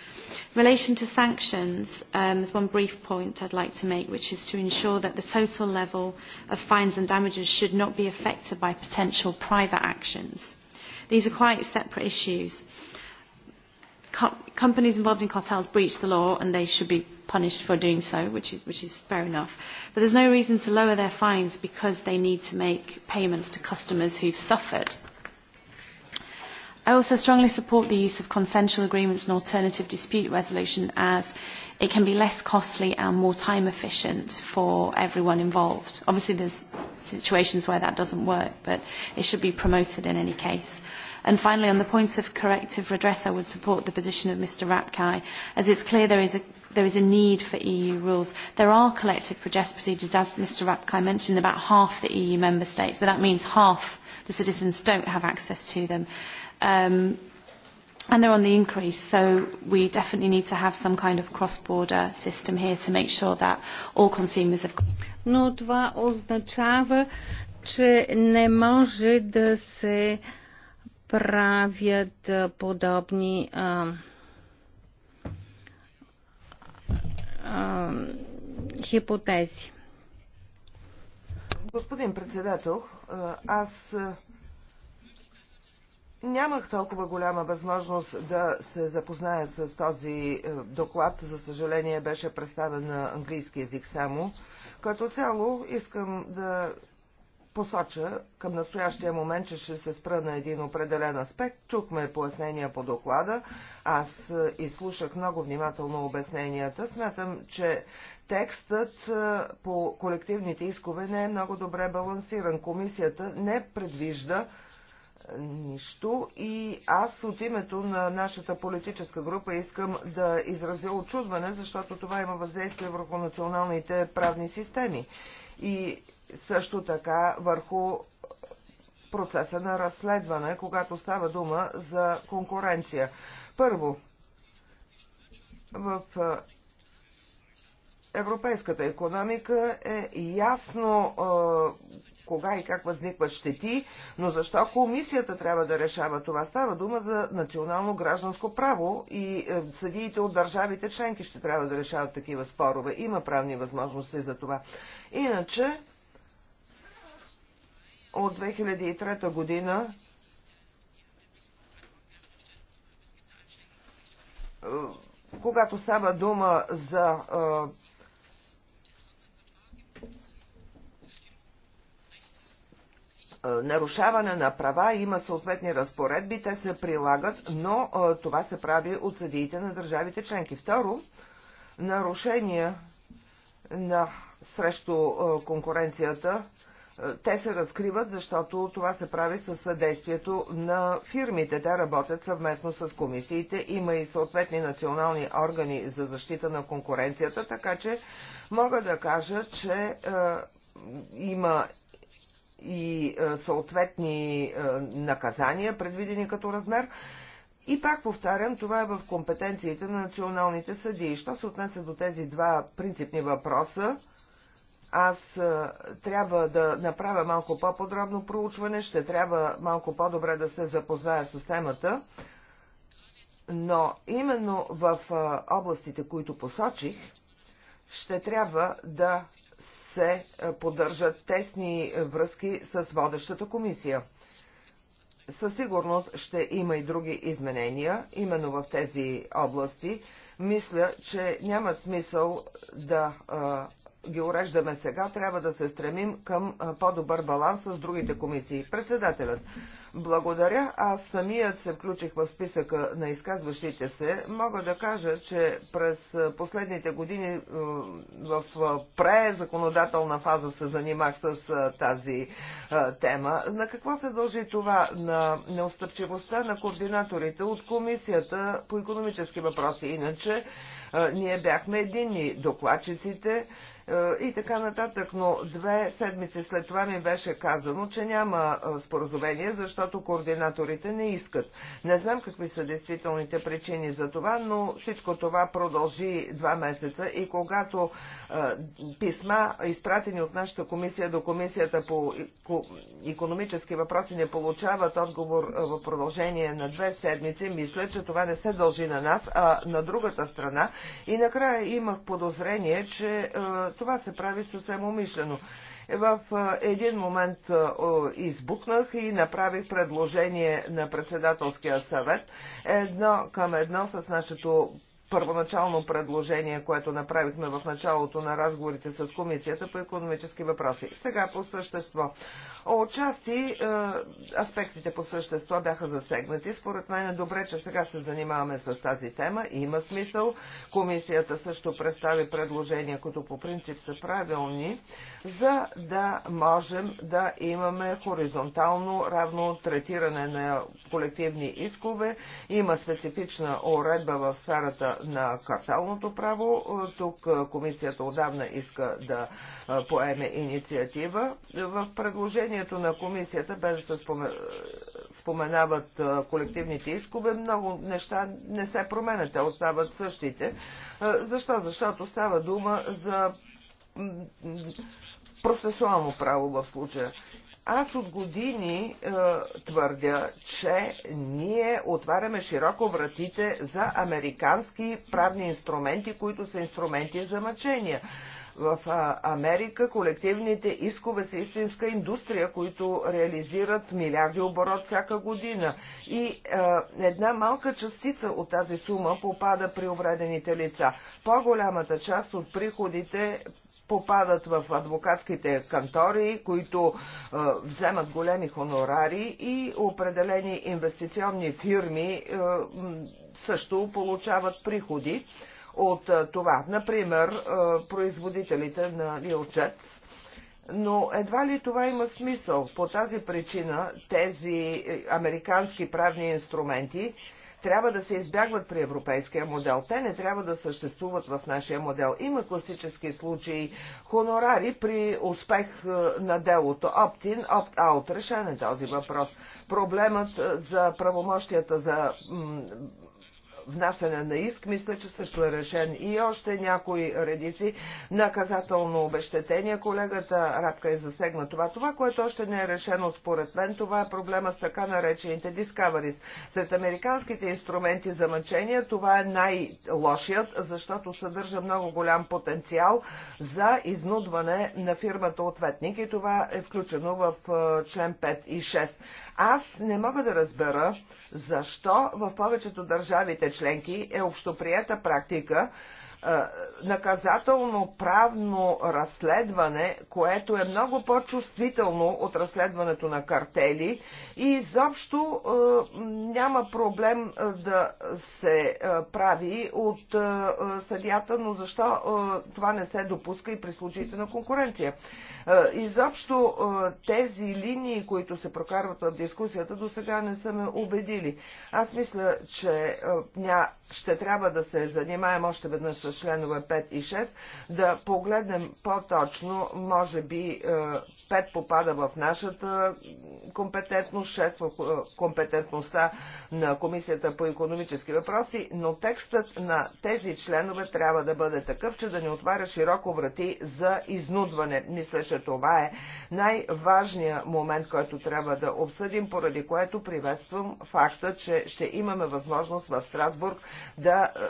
In relation to sanctions, um, there's one brief point I'd like to make, which is to ensure that the total level of fines and damages should not be affected by potential private actions. These are quite separate issues. Co- companies involved in cartels breach the law and they should be punished for doing so, which is, which is fair enough. But there's no reason to lower their fines because they need to make payments to customers who've suffered I also strongly support the use of consensual agreements and alternative dispute resolution as it can be less costly and more time efficient for everyone involved. Obviously there's situations where that doesn't work, but it should be promoted in any case. And finally, on the point of corrective redress, I would support the position of Mr Rapkai, as it's clear there is a there is a need for EU rules. There are collective procedures, as Mr Rapkai mentioned, about half the EU member states, but that means half the citizens don't have access to them. Um, and they're on the increase, so we definitely need to have some kind of cross-border system here to make sure that all consumers have... Но това означава, че не може да се правят подобни а, а, хипотези. Господин председател, аз Нямах толкова голяма възможност да се запозная с този е, доклад. За съжаление беше представен на английски язик само. Като цяло искам да посоча към настоящия момент, че ще се спра на един определен аспект. Чухме пояснения по доклада. Аз е, изслушах много внимателно обясненията. Смятам, че текстът е, по колективните искове не е много добре балансиран. Комисията не предвижда нищо и аз от името на нашата политическа група искам да изразя очудване, защото това има въздействие върху националните правни системи и също така върху процеса на разследване, когато става дума за конкуренция. Първо, в европейската економика е ясно кога и как възникват щети, но защо комисията трябва да решава това? Става дума за национално гражданско право и е, съдиите от държавите членки ще трябва да решават такива спорове. Има правни възможности за това. Иначе, от 2003 година е, когато става дума за е, Е, нарушаване на права има съответни разпоредби, те се прилагат, но е, това се прави от съдиите на държавите членки. Второ, нарушения на, срещу е, конкуренцията, те се разкриват, защото това се прави със съдействието на фирмите. Те работят съвместно с комисиите. Има и съответни национални органи за защита на конкуренцията, така че мога да кажа, че е, има и е, съответни е, наказания, предвидени като размер. И пак повтарям, това е в компетенциите на националните съдии. Що се отнесе до тези два принципни въпроса, аз е, трябва да направя малко по-подробно проучване, ще трябва малко по-добре да се запозная с темата, но именно в областите, които посочих, ще трябва да се е, поддържат тесни връзки с водещата комисия. Със сигурност ще има и други изменения, именно в тези области. Мисля, че няма смисъл да а, е, ги уреждаме сега, трябва да се стремим към по-добър баланс с другите комисии. Председателят, благодаря. Аз самият се включих в списъка на изказващите се. Мога да кажа, че през последните години в презаконодателна фаза се занимах с тази тема. На какво се дължи това? На неостъпчивостта на координаторите от Комисията по економически въпроси. Иначе ние бяхме единни докладчиците, е, и така нататък, но две седмици след това ми беше казано, че няма е, споразумение, защото координаторите не искат. Не знам какви са действителните причини за това, но всичко това продължи два месеца и когато е, писма, изпратени от нашата комисия до комисията по економически въпроси, не получават отговор в продължение на две седмици, мисля, че това не се дължи на нас, а на другата страна. И накрая имах подозрение, че това се прави съвсем умишлено. В един момент избухнах и направих предложение на председателския съвет едно към едно с нашето първоначално предложение, което направихме в началото на разговорите с Комисията по економически въпроси. Сега по същество. Отчасти е, аспектите по същество бяха засегнати. Според мен е добре, че сега се занимаваме с тази тема. Има смисъл. Комисията също представи предложения, които по принцип са правилни, за да можем да имаме хоризонтално равно третиране на колективни искове. Има специфична уредба в сферата на карталното право. Тук комисията отдавна иска да поеме инициатива. В предложението на комисията, без да се споменават колективните искове, много неща не се променят, те остават същите. Защо? Защото става дума за процесуално право в случая. Аз от години е, твърдя, че ние отваряме широко вратите за американски правни инструменти, които са инструменти за мъчения. В е, Америка колективните искове са истинска индустрия, които реализират милиарди оборот всяка година. И е, една малка частица от тази сума попада при увредените лица. По-голямата част от приходите попадат в адвокатските кантори, които е, вземат големи хонорари и определени инвестиционни фирми е, също получават приходи от е, това. Например, е, производителите на лилчет, но едва ли това има смисъл. По тази причина тези е, американски правни инструменти трябва да се избягват при европейския модел. Те не трябва да съществуват в нашия модел. Има класически случаи хонорари при успех е, на делото. Оптин, опт-аут. Решен е този въпрос. Проблемът е, за правомощията за внасяне на иск, мисля, че също е решен. И още някои редици наказателно обещетение. Колегата Рапка е засегна това. Това, което още не е решено според мен, това е проблема с така наречените Discoveries. Сред американските инструменти за мъчение това е най-лошият, защото съдържа много голям потенциал за изнудване на фирмата ответник и това е включено в член 5 и 6. Аз не мога да разбера защо в повечето държавите членки е общоприета практика е, наказателно-правно разследване, което е много по-чувствително от разследването на картели и изобщо е, няма проблем е, да се прави от съдята, но защо това не се допуска и при случаите на конкуренция? Изобщо тези линии, които се прокарват в дискусията, до сега не са ме убедили. Аз мисля, че ще трябва да се занимаем още веднъж с членове 5 и 6, да погледнем по-точно, може би 5 е, попада в нашата компетентност, 6 в е, компетентността на Комисията по економически въпроси, но текстът на тези членове трябва да бъде такъв, че да не отваря широко врати за изнудване. Мисля, че това е най-важният момент, който трябва да обсъдим, поради което приветствам факта, че ще имаме възможност в Страсбург да е,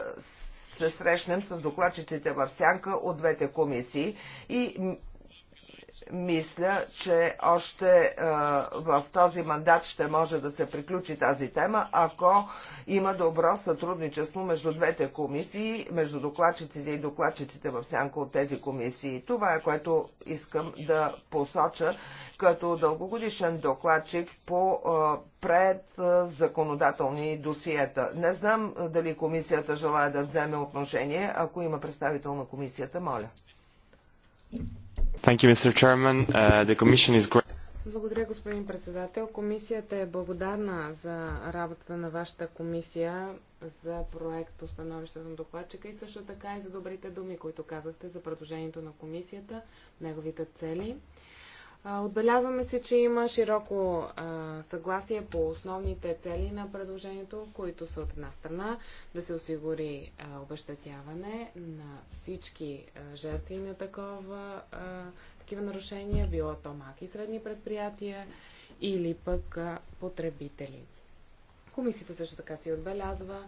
се срещнем с докладчиците в сянка от двете комисии и мисля, че още е, в този мандат ще може да се приключи тази тема, ако има добро сътрудничество между двете комисии, между докладчиците и докладчиците в сянка от тези комисии. Това е което искам да посоча като дългогодишен докладчик по е, пред е, законодателни досиета. Не знам дали комисията желая да вземе отношение. Ако има представител на комисията, моля. Thank you. You, uh, Благодаря, господин председател. Комисията е благодарна за работата на вашата комисия за проект установище на докладчика и също така и за добрите думи, които казахте за предложението на комисията, неговите цели. Отбелязваме се, че има широко съгласие по основните цели на предложението, които са от една страна да се осигури обещатяване на всички жертви на такова, такива нарушения, било то малки и средни предприятия или пък потребители. Комисията също така си отбелязва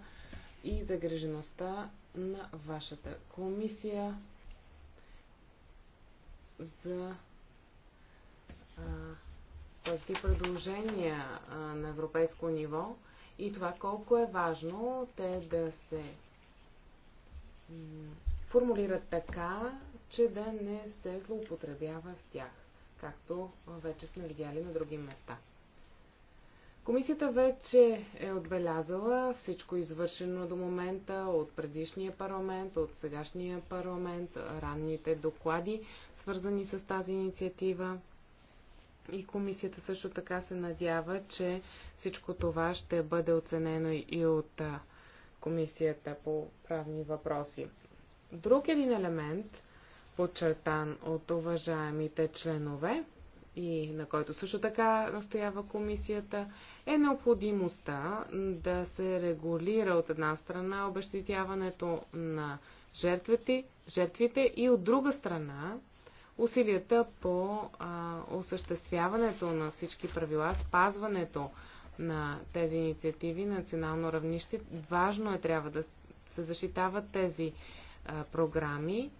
и загрежеността на вашата комисия за т.е. и предложения на европейско ниво и това колко е важно те да се формулират така, че да не се злоупотребява с тях, както вече сме видяли на други места. Комисията вече е отбелязала всичко извършено до момента от предишния парламент, от сегашния парламент, ранните доклади, свързани с тази инициатива. И комисията също така се надява, че всичко това ще бъде оценено и от комисията по правни въпроси. Друг един елемент, подчертан от уважаемите членове и на който също така настоява комисията, е необходимостта да се регулира от една страна обещетяването на жертвите, жертвите и от друга страна усилията по а, осъществяването на всички правила, спазването на тези инициативи национално равнище. Важно е трябва да се защитават тези а, програми,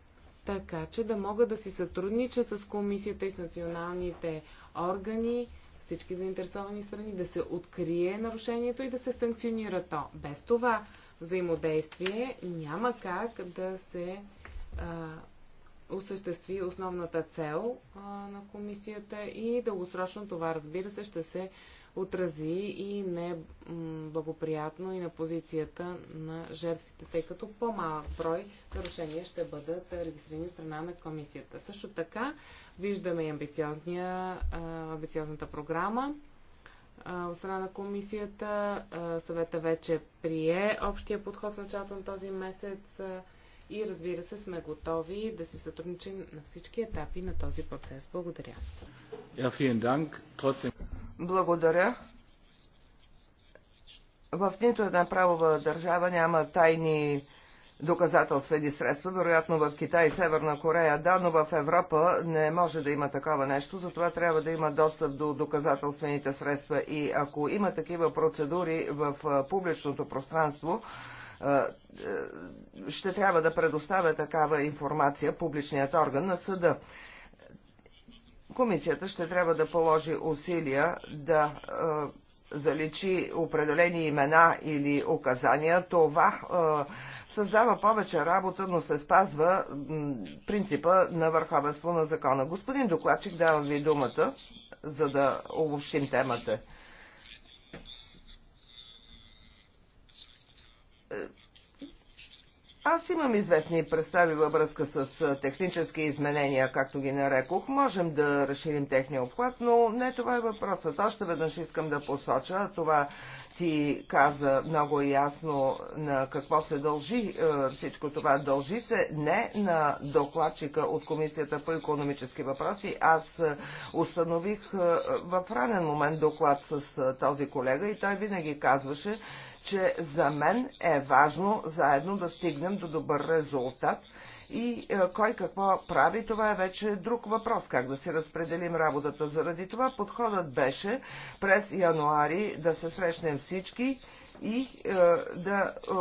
така че да могат да си сътрудничат с комисията и с националните органи, всички заинтересовани страни, да се открие нарушението и да се санкционира то. Без това взаимодействие няма как да се а, осъществи основната цел а, на комисията и дългосрочно това, разбира се, ще се отрази и не благоприятно и на позицията на жертвите, тъй като по-малък брой нарушения ще бъдат регистрирани от страна на комисията. Също така виждаме и амбициозната програма от страна на комисията. Съвета вече прие общия подход в началото на този месец и разбира се сме готови да се сътрудничим на всички етапи на този процес. Благодаря. Благодаря. В нито една правова държава няма тайни доказателствени средства, вероятно в Китай и Северна Корея, да, но в Европа не може да има такова нещо, затова трябва да има достъп до доказателствените средства и ако има такива процедури в публичното пространство, е, ще трябва да предоставя такава информация публичният орган на съда. Комисията ще трябва да положи усилия да е, заличи определени имена или указания. Това е, създава повече работа, но се спазва принципа на върховенство на закона. Господин докладчик, давам ви думата, за да обобщим темата. Аз имам известни представи във връзка с технически изменения, както ги нарекох. Можем да разширим техния обхват, но не това е въпросът. Още веднъж искам да посоча. Това ти каза много ясно на какво се дължи всичко това. Дължи се не на докладчика от Комисията по економически въпроси. Аз установих в ранен момент доклад с този колега и той винаги казваше, че за мен е важно заедно да стигнем до добър резултат. И е, кой какво прави, това е вече друг въпрос, как да си разпределим работата. Заради това подходът беше през януари да се срещнем всички и е, да е,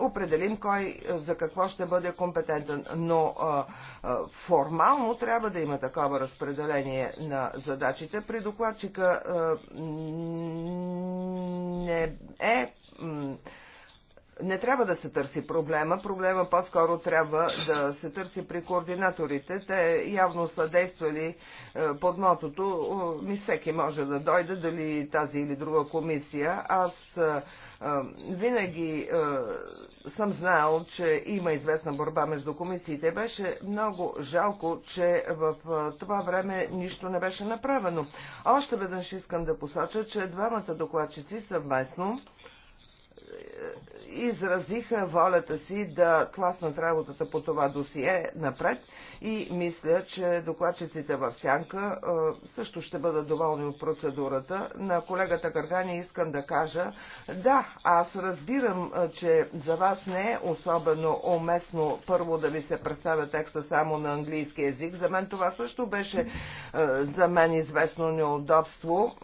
определим кой е, за какво ще бъде компетентен. Но а, а, формално трябва да има такова разпределение на задачите. При докладчика а, не е не трябва да се търси проблема. Проблема по-скоро трябва да се търси при координаторите. Те явно са действали е, под мотото. Ми всеки може да дойде, дали тази или друга комисия. Аз е, е, винаги съм знал, че има известна борба между комисиите. Беше много жалко, че в това време нищо не беше направено. Още веднъж искам да посоча, че двамата докладчици съвместно изразиха волята си да тласнат работата по това досие напред и мисля, че докладчиците в Сянка е, също ще бъдат доволни от процедурата. На колегата Каргани искам да кажа, да, аз разбирам, е, че за вас не е особено уместно първо да ви се представя текста само на английски язик. За мен това също беше е, за мен известно неудобство,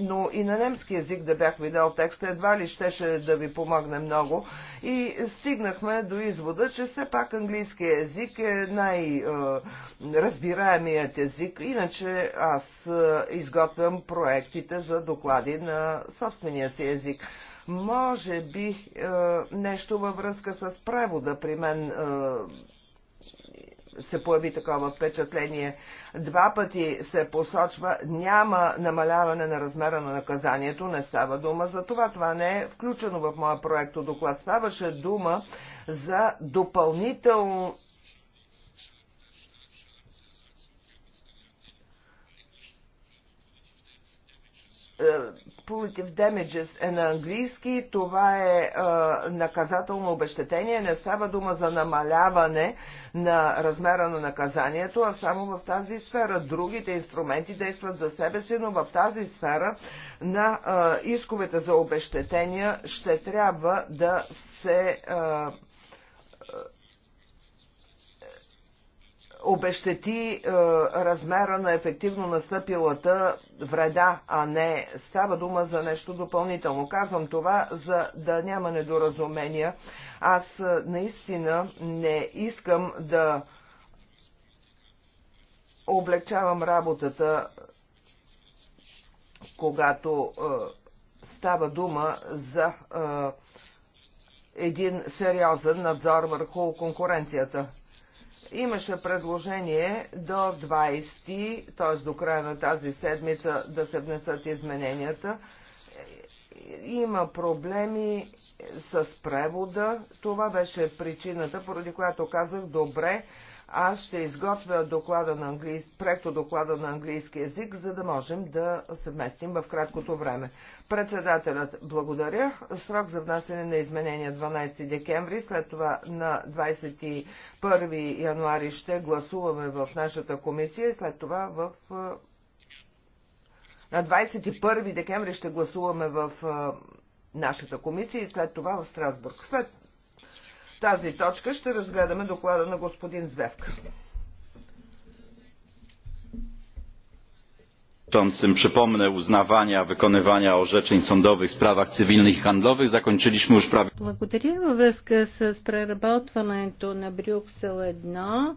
но и на немски язик да бях видял текста, едва ли щеше да ви помогна помогне много. И стигнахме до извода, че все пак английският език е най-разбираемият език. Иначе аз е, изготвям проектите за доклади на собствения си език. Може би е, нещо във връзка с превода при мен е, се появи такова впечатление два пъти се посочва, няма намаляване на размера на наказанието, не става дума за това. Това не е включено в моя проекто доклад. Ставаше дума за допълнително Е, punitive Damages е на английски, това е а, е, наказателно обещетение, не става дума за намаляване на размера на наказанието, а само в тази сфера. Другите инструменти действат за себе си, но в тази сфера на а, е, исковете за обещетения ще трябва да се а, обещети е, размера на ефективно настъпилата вреда, а не става дума за нещо допълнително. Казвам това, за да няма недоразумения. Аз е, наистина не искам да облегчавам работата, когато е, става дума за е, един сериозен надзор върху конкуренцията. Имаше предложение до 20, т.е. до края на тази седмица да се внесат измененията. Има проблеми с превода. Това беше причината, поради която казах добре аз ще изготвя доклада на английски, проекто доклада на английски язик, за да можем да се вместим в краткото време. Председателят благодаря. Срок за внасяне на изменения 12 декември, след това на 21 януари ще гласуваме в нашата комисия и след това в е, на 21 декември ще гласуваме в е, нашата комисия и след това в Страсбург. След тази точка ще разгледаме доклада на господин Звевка. Przewodniczącym przypomnę uznawania wykonywania orzeczeń sądowych w sprawach cywilnych i handlowych zakończyliśmy już prawie. Благодаря във връзка с преработването на Брюксел 1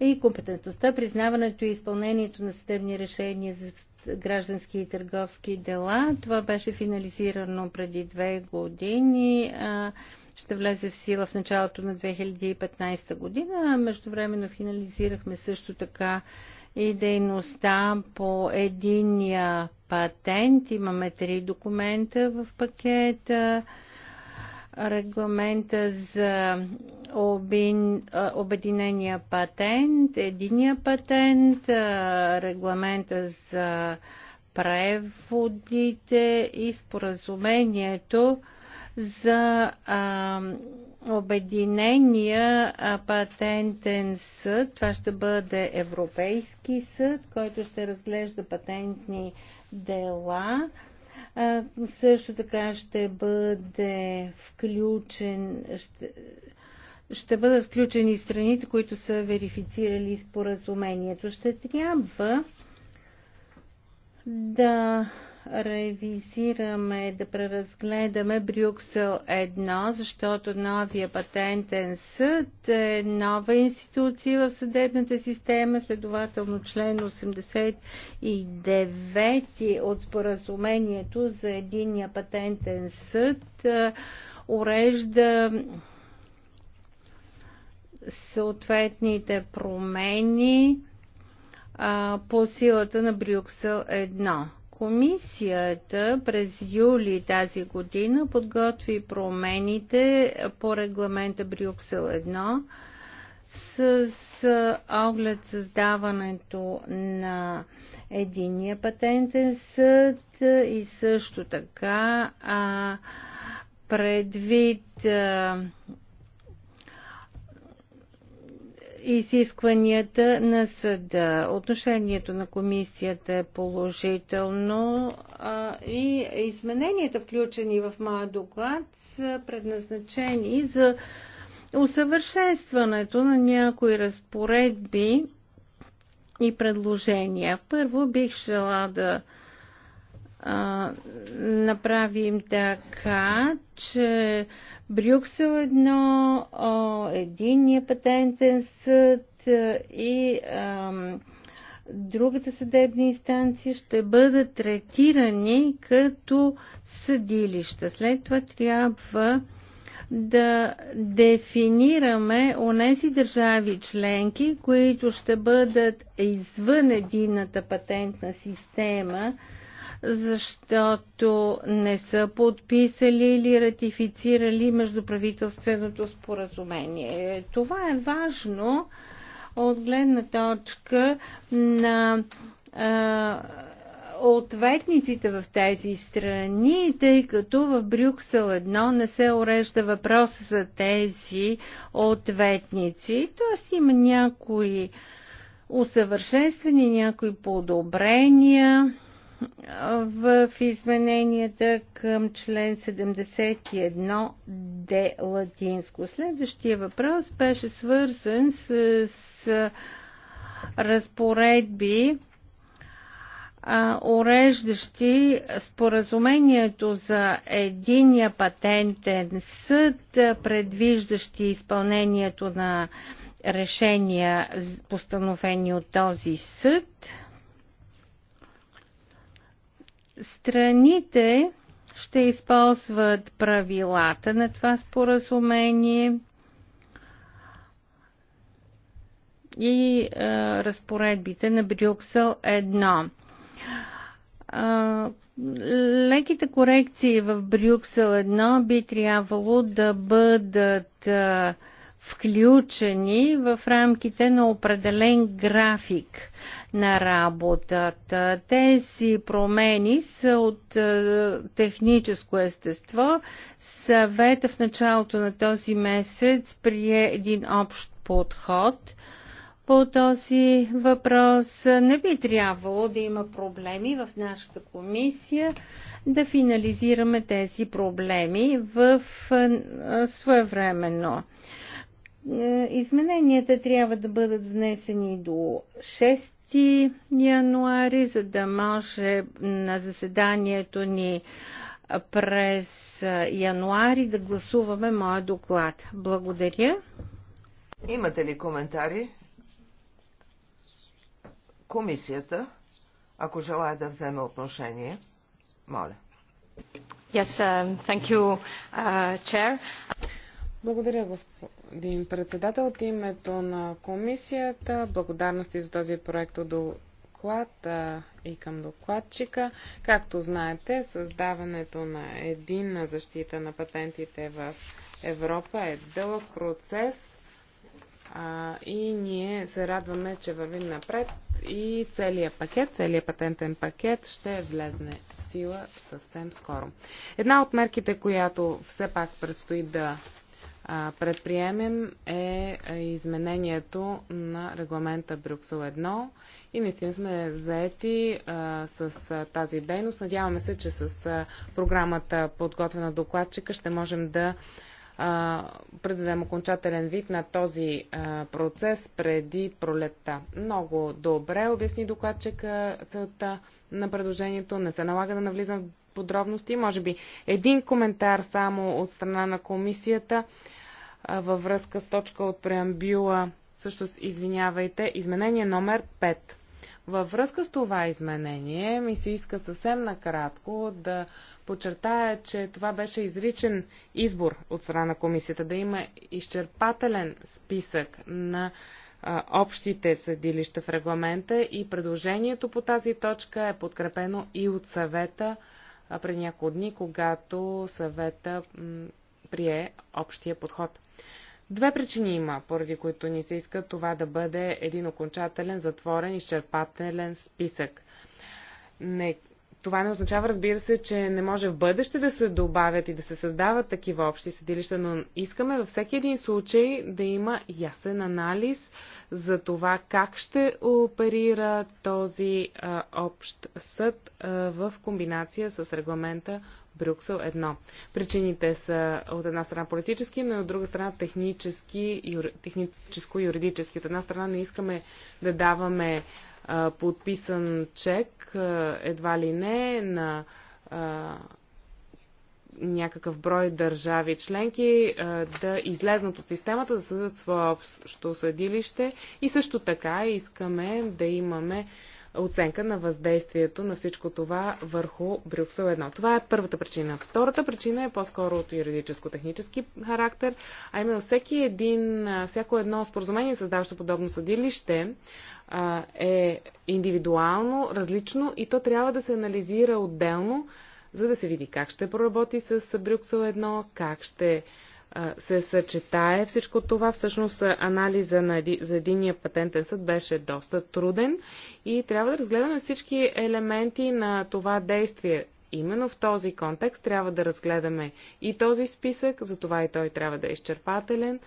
и компетентността, признаването и изпълнението на съдебни решения за граждански и търговски дела. Това беше финализирано преди две години. А, ще влезе в сила в началото на 2015 година. Междувременно финализирахме също така и дейността по единия патент. Имаме три документа в пакета. Регламента за обединения патент, единия патент, регламента за преводите и споразумението за а, обединения патентен съд. Това ще бъде Европейски съд, който ще разглежда патентни дела. А, също така ще бъде включен. Ще, ще бъдат включени страните, които са верифицирали споразумението. Ще трябва да ревизираме, да преразгледаме Брюксел 1, защото новия патентен съд е нова институция в съдебната система, следователно член 89 от споразумението за единния патентен съд урежда съответните промени а, по силата на Брюксел 1. Комисията през юли тази година подготви промените по регламента Брюксел 1 с оглед създаването на единия патентен съд и също така предвид изискванията на съда. Отношението на комисията е положително а, и измененията, включени в моя доклад, са предназначени за усъвършенстването на някои разпоредби и предложения. Първо бих желала да а, направим така, че Брюксел едно, единния патентен съд и другата съдебна инстанция ще бъдат третирани като съдилища. След това трябва да дефинираме онези държави членки, които ще бъдат извън едината патентна система защото не са подписали или ратифицирали междуправителственото споразумение. Това е важно от гледна точка на ответниците в тези страни, тъй като в Брюксел едно не се урежда въпроса за тези ответници. Тоест има някои усъвършенствани, някои подобрения в измененията към член 71 де латинско. Следващия въпрос беше свързан с, с разпоредби, а, уреждащи споразумението за единия патентен съд, предвиждащи изпълнението на решения, постановени от този съд – Страните ще използват правилата на това споразумение и а, разпоредбите на Брюксел 1 леките корекции в Брюксел 1 би трябвало да бъдат включени в рамките на определен график на работата. Тези промени са от е, техническо естество. Съвета в началото на този месец прие един общ подход по този въпрос. Не би трябвало да има проблеми в нашата комисия да финализираме тези проблеми в е, е, своевременно. Е, измененията трябва да бъдат внесени до 6 януари, за да може на заседанието ни през януари да гласуваме моя доклад. Благодаря. Имате ли коментари? Комисията, ако желая да вземе отношение, моля. Yes, uh, thank you, uh, chair. Благодаря, господин председател. От името на комисията, благодарности за този проект от доклад а, и към докладчика. Както знаете, създаването на единна защита на патентите в Европа е дълъг процес а, и ние се радваме, че вървим напред и целият пакет, целият патентен пакет ще влезне в сила съвсем скоро. Една от мерките, която все пак предстои да предприемем е, е изменението на регламента Брюксел 1 и наистина сме заети а, с тази дейност. Надяваме се, че с програмата подготвена докладчика ще можем да предадем окончателен вид на този процес преди пролетта. Много добре обясни докладчика целта на предложението. Не се налага да навлизам в подробности. Може би един коментар само от страна на комисията във връзка с точка от преамбюла, също извинявайте, изменение номер 5. Във връзка с това изменение ми се иска съвсем накратко да подчертая, че това беше изричен избор от страна на комисията да има изчерпателен списък на а, общите съдилища в регламента и предложението по тази точка е подкрепено и от съвета преди няколко дни, когато съвета прие общия подход. Две причини има, поради които ни се иска това да бъде един окончателен, затворен, изчерпателен списък. Не това не означава, разбира се, че не може в бъдеще да се добавят и да се създават такива общи съдилища, но искаме във всеки един случай да има ясен анализ за това как ще оперира този а, общ съд а, в комбинация с регламента Брюксел 1. Причините са от една страна политически, но и от друга страна технически, юр, техническо-юридически. От една страна не искаме да даваме а, подписан чек, а, едва ли не, на а, някакъв брой държави членки а, да излезнат от системата, да съдат свое общо съдилище. И също така искаме да имаме оценка на въздействието на всичко това върху Брюксел 1. Това е първата причина. Втората причина е по-скоро от юридическо-технически характер, а именно всеки един, всяко едно споразумение, създаващо подобно съдилище, е индивидуално, различно и то трябва да се анализира отделно, за да се види как ще проработи с Брюксел 1, как ще се съчетае всичко това. Всъщност анализа на, за единия патентен съд беше доста труден и трябва да разгледаме всички елементи на това действие. Именно в този контекст трябва да разгледаме и този списък, затова и той трябва да е изчерпателен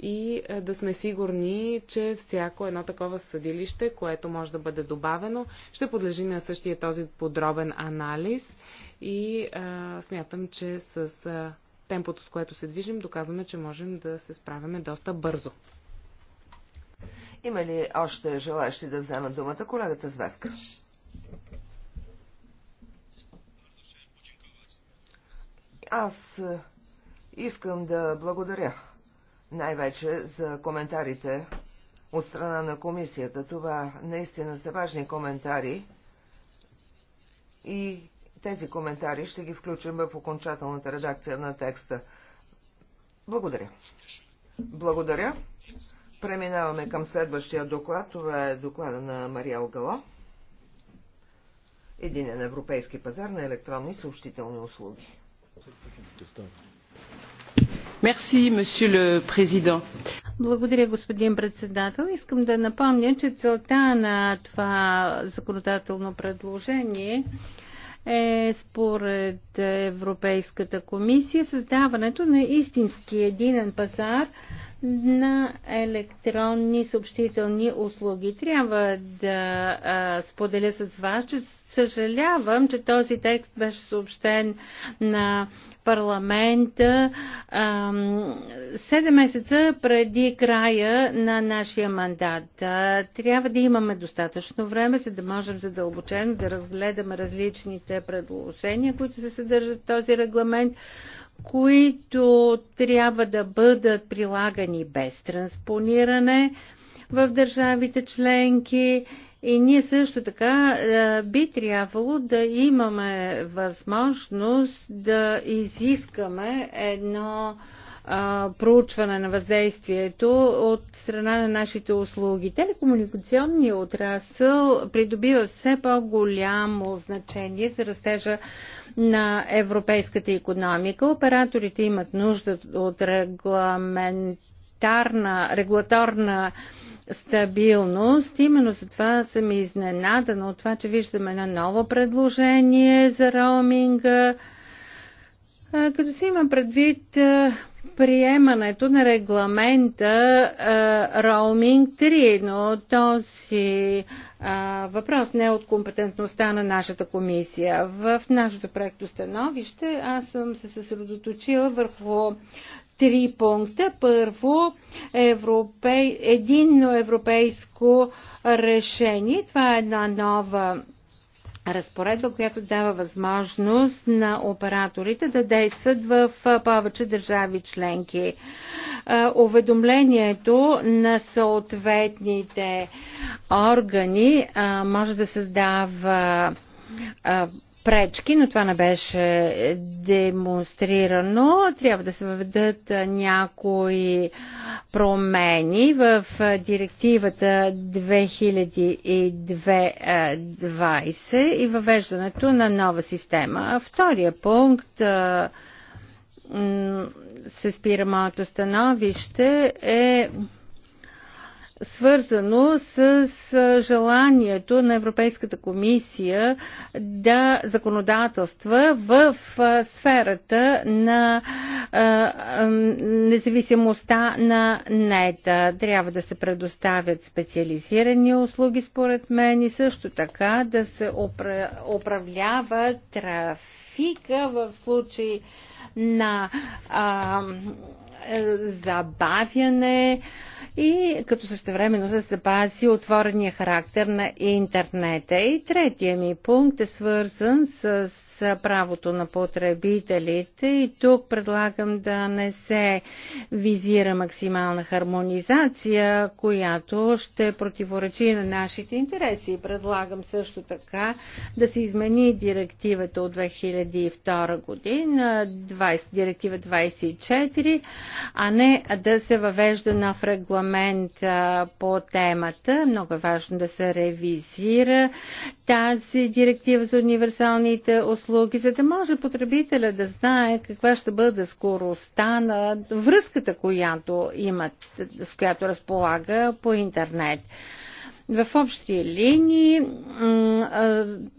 и да сме сигурни, че всяко едно такова съдилище, което може да бъде добавено, ще подлежи на същия този подробен анализ и а, смятам, че с а, темпото, с което се движим, доказваме, че можем да се справяме доста бързо. Има ли още желаящи да вземат думата колегата Звевка? Аз е, искам да благодаря най-вече за коментарите от страна на комисията. Това наистина са важни коментари и тези коментари ще ги включим в окончателната редакция на текста. Благодаря. Благодаря. Преминаваме към следващия доклад. Това е доклада на Мариел Гала. Единен европейски пазар на електронни съобщителни услуги. Мерси, месье президент. Благодаря, господин председател. Искам да напомня, че целта на това законодателно предложение е е според Европейската комисия създаването на истински единен пазар на електронни съобщителни услуги. Трябва да а, споделя с вас, че съжалявам, че този текст беше съобщен на парламента седем месеца преди края на нашия мандат. Трябва да имаме достатъчно време, за да можем задълбочено да разгледаме различните предложения, които се съдържат в този регламент, които трябва да бъдат прилагани без транспониране в държавите членки. И ние също така е, би трябвало да имаме възможност да изискаме едно проучване на въздействието от страна на нашите услуги. Телекомуникационният отрасъл придобива все по-голямо значение за растежа на европейската економика. Операторите имат нужда от регламентарна, регулаторна стабилност. Именно затова съм изненадана от това, че виждаме едно ново предложение за роуминга. Като се има предвид приемането на регламента Роуминг 3, но този въпрос не е от компетентността на нашата комисия. В нашето проекто становище аз съм се съсредоточила върху три пункта. Първо, европей, единно европейско решение. Това е една нова разпоредба, която дава възможност на операторите да действат в повече държави членки. Уведомлението на съответните органи може да създава пречки, но това не беше демонстрирано. Трябва да се въведат някои промени в директивата 2020 и въвеждането на нова система. Втория пункт се спира моето становище е свързано с желанието на Европейската комисия да законодателства в сферата на независимостта на нета. Трябва да се предоставят специализирани услуги, според мен, и също така да се управлява трафика в случай на а, забавяне, а, и като същевременно се запази отворения характер на интернета. И третия ми пункт е свързан с за правото на потребителите и тук предлагам да не се визира максимална хармонизация, която ще противоречи на нашите интереси. Предлагам също така да се измени директивата от 2002 година, 20, директива 24, а не да се въвежда нов регламент по темата. Много е важно да се ревизира тази директива за универсалните услуги услуги, за да може потребителя да знае каква ще бъде скоростта на връзката, която имат, с която разполага по интернет. В общи линии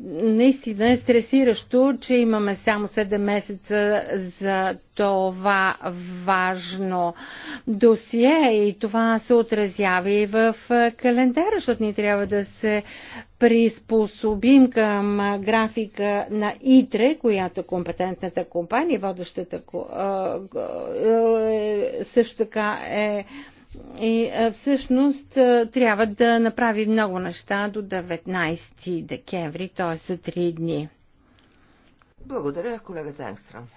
наистина е стресиращо, че имаме само 7 месеца за това важно досие и това се отразява и в календара, защото ние трябва да се приспособим към графика на ИТРЕ, която е компетентната компания, водещата е, също така е и е, всъщност е, трябва да направи много неща до 19 декември, т.е. за 3 дни. Благодаря, колегата Ангстрам.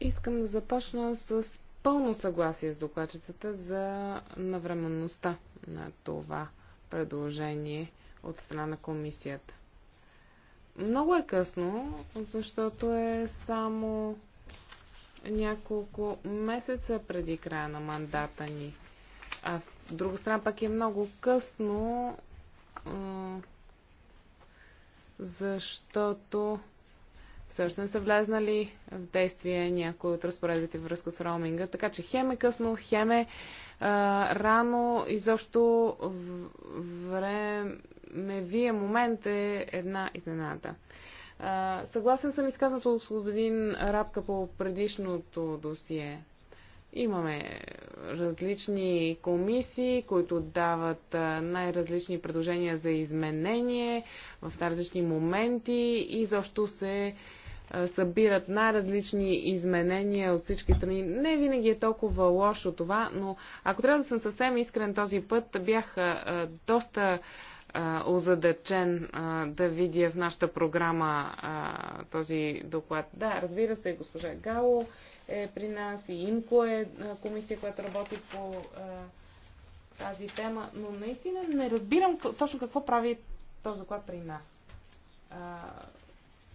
Искам да започна с пълно съгласие с докладчицата за навременността на това предложение от страна на комисията. Много е късно, защото е само няколко месеца преди края на мандата ни. А с друга страна пък е много късно, защото всъщност не са влезнали в действие някои от разпоредбите връзка с роуминга. Така че хем е късно, хем е а, рано, изобщо вие момент е една изненада. А, съгласен съм изказаното от господин Рапка по предишното досие. Имаме различни комисии, които дават най-различни предложения за изменение в различни моменти и защо се събират най-различни изменения от всички страни. Не винаги е толкова лошо това, но ако трябва да съм съвсем искрен този път, бях доста озадачен да видя в нашата програма този доклад. Да, разбира се, госпожа Гало е при нас и Имко е комисия, която работи по тази тема, но наистина не разбирам точно какво прави този доклад при нас.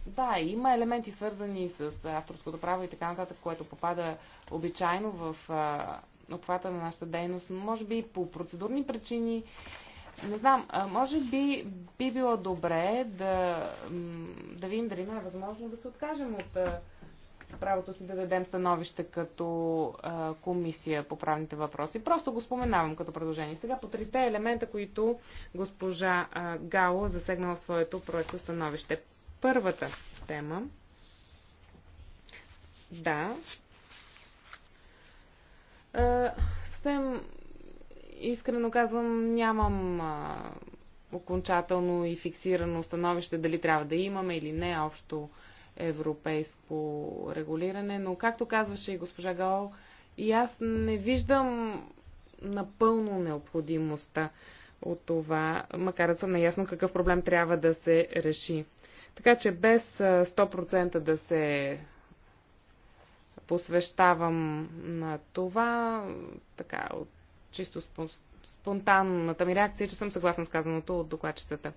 Да, има елементи свързани с авторското право и така нататък, което попада обичайно в обхвата на нашата дейност, но може би по процедурни причини не знам, може би би било добре да, да видим дали има възможно да се откажем от правото си да дадем становище като а, комисия по правните въпроси. Просто го споменавам като предложение. Сега по трите елемента, които госпожа а, Гало засегнала в своето проекто становище. Първата тема. Да. А, съвсем искрено казвам, нямам а, окончателно и фиксирано становище дали трябва да имаме или не общо европейско регулиране, но както казваше и госпожа Гао, и аз не виждам напълно необходимостта от това, макар да съм наясно какъв проблем трябва да се реши. Така че без 100% да се посвещавам на това, така от чисто спонтанната ми реакция, че съм съгласна с казаното от докладчицата.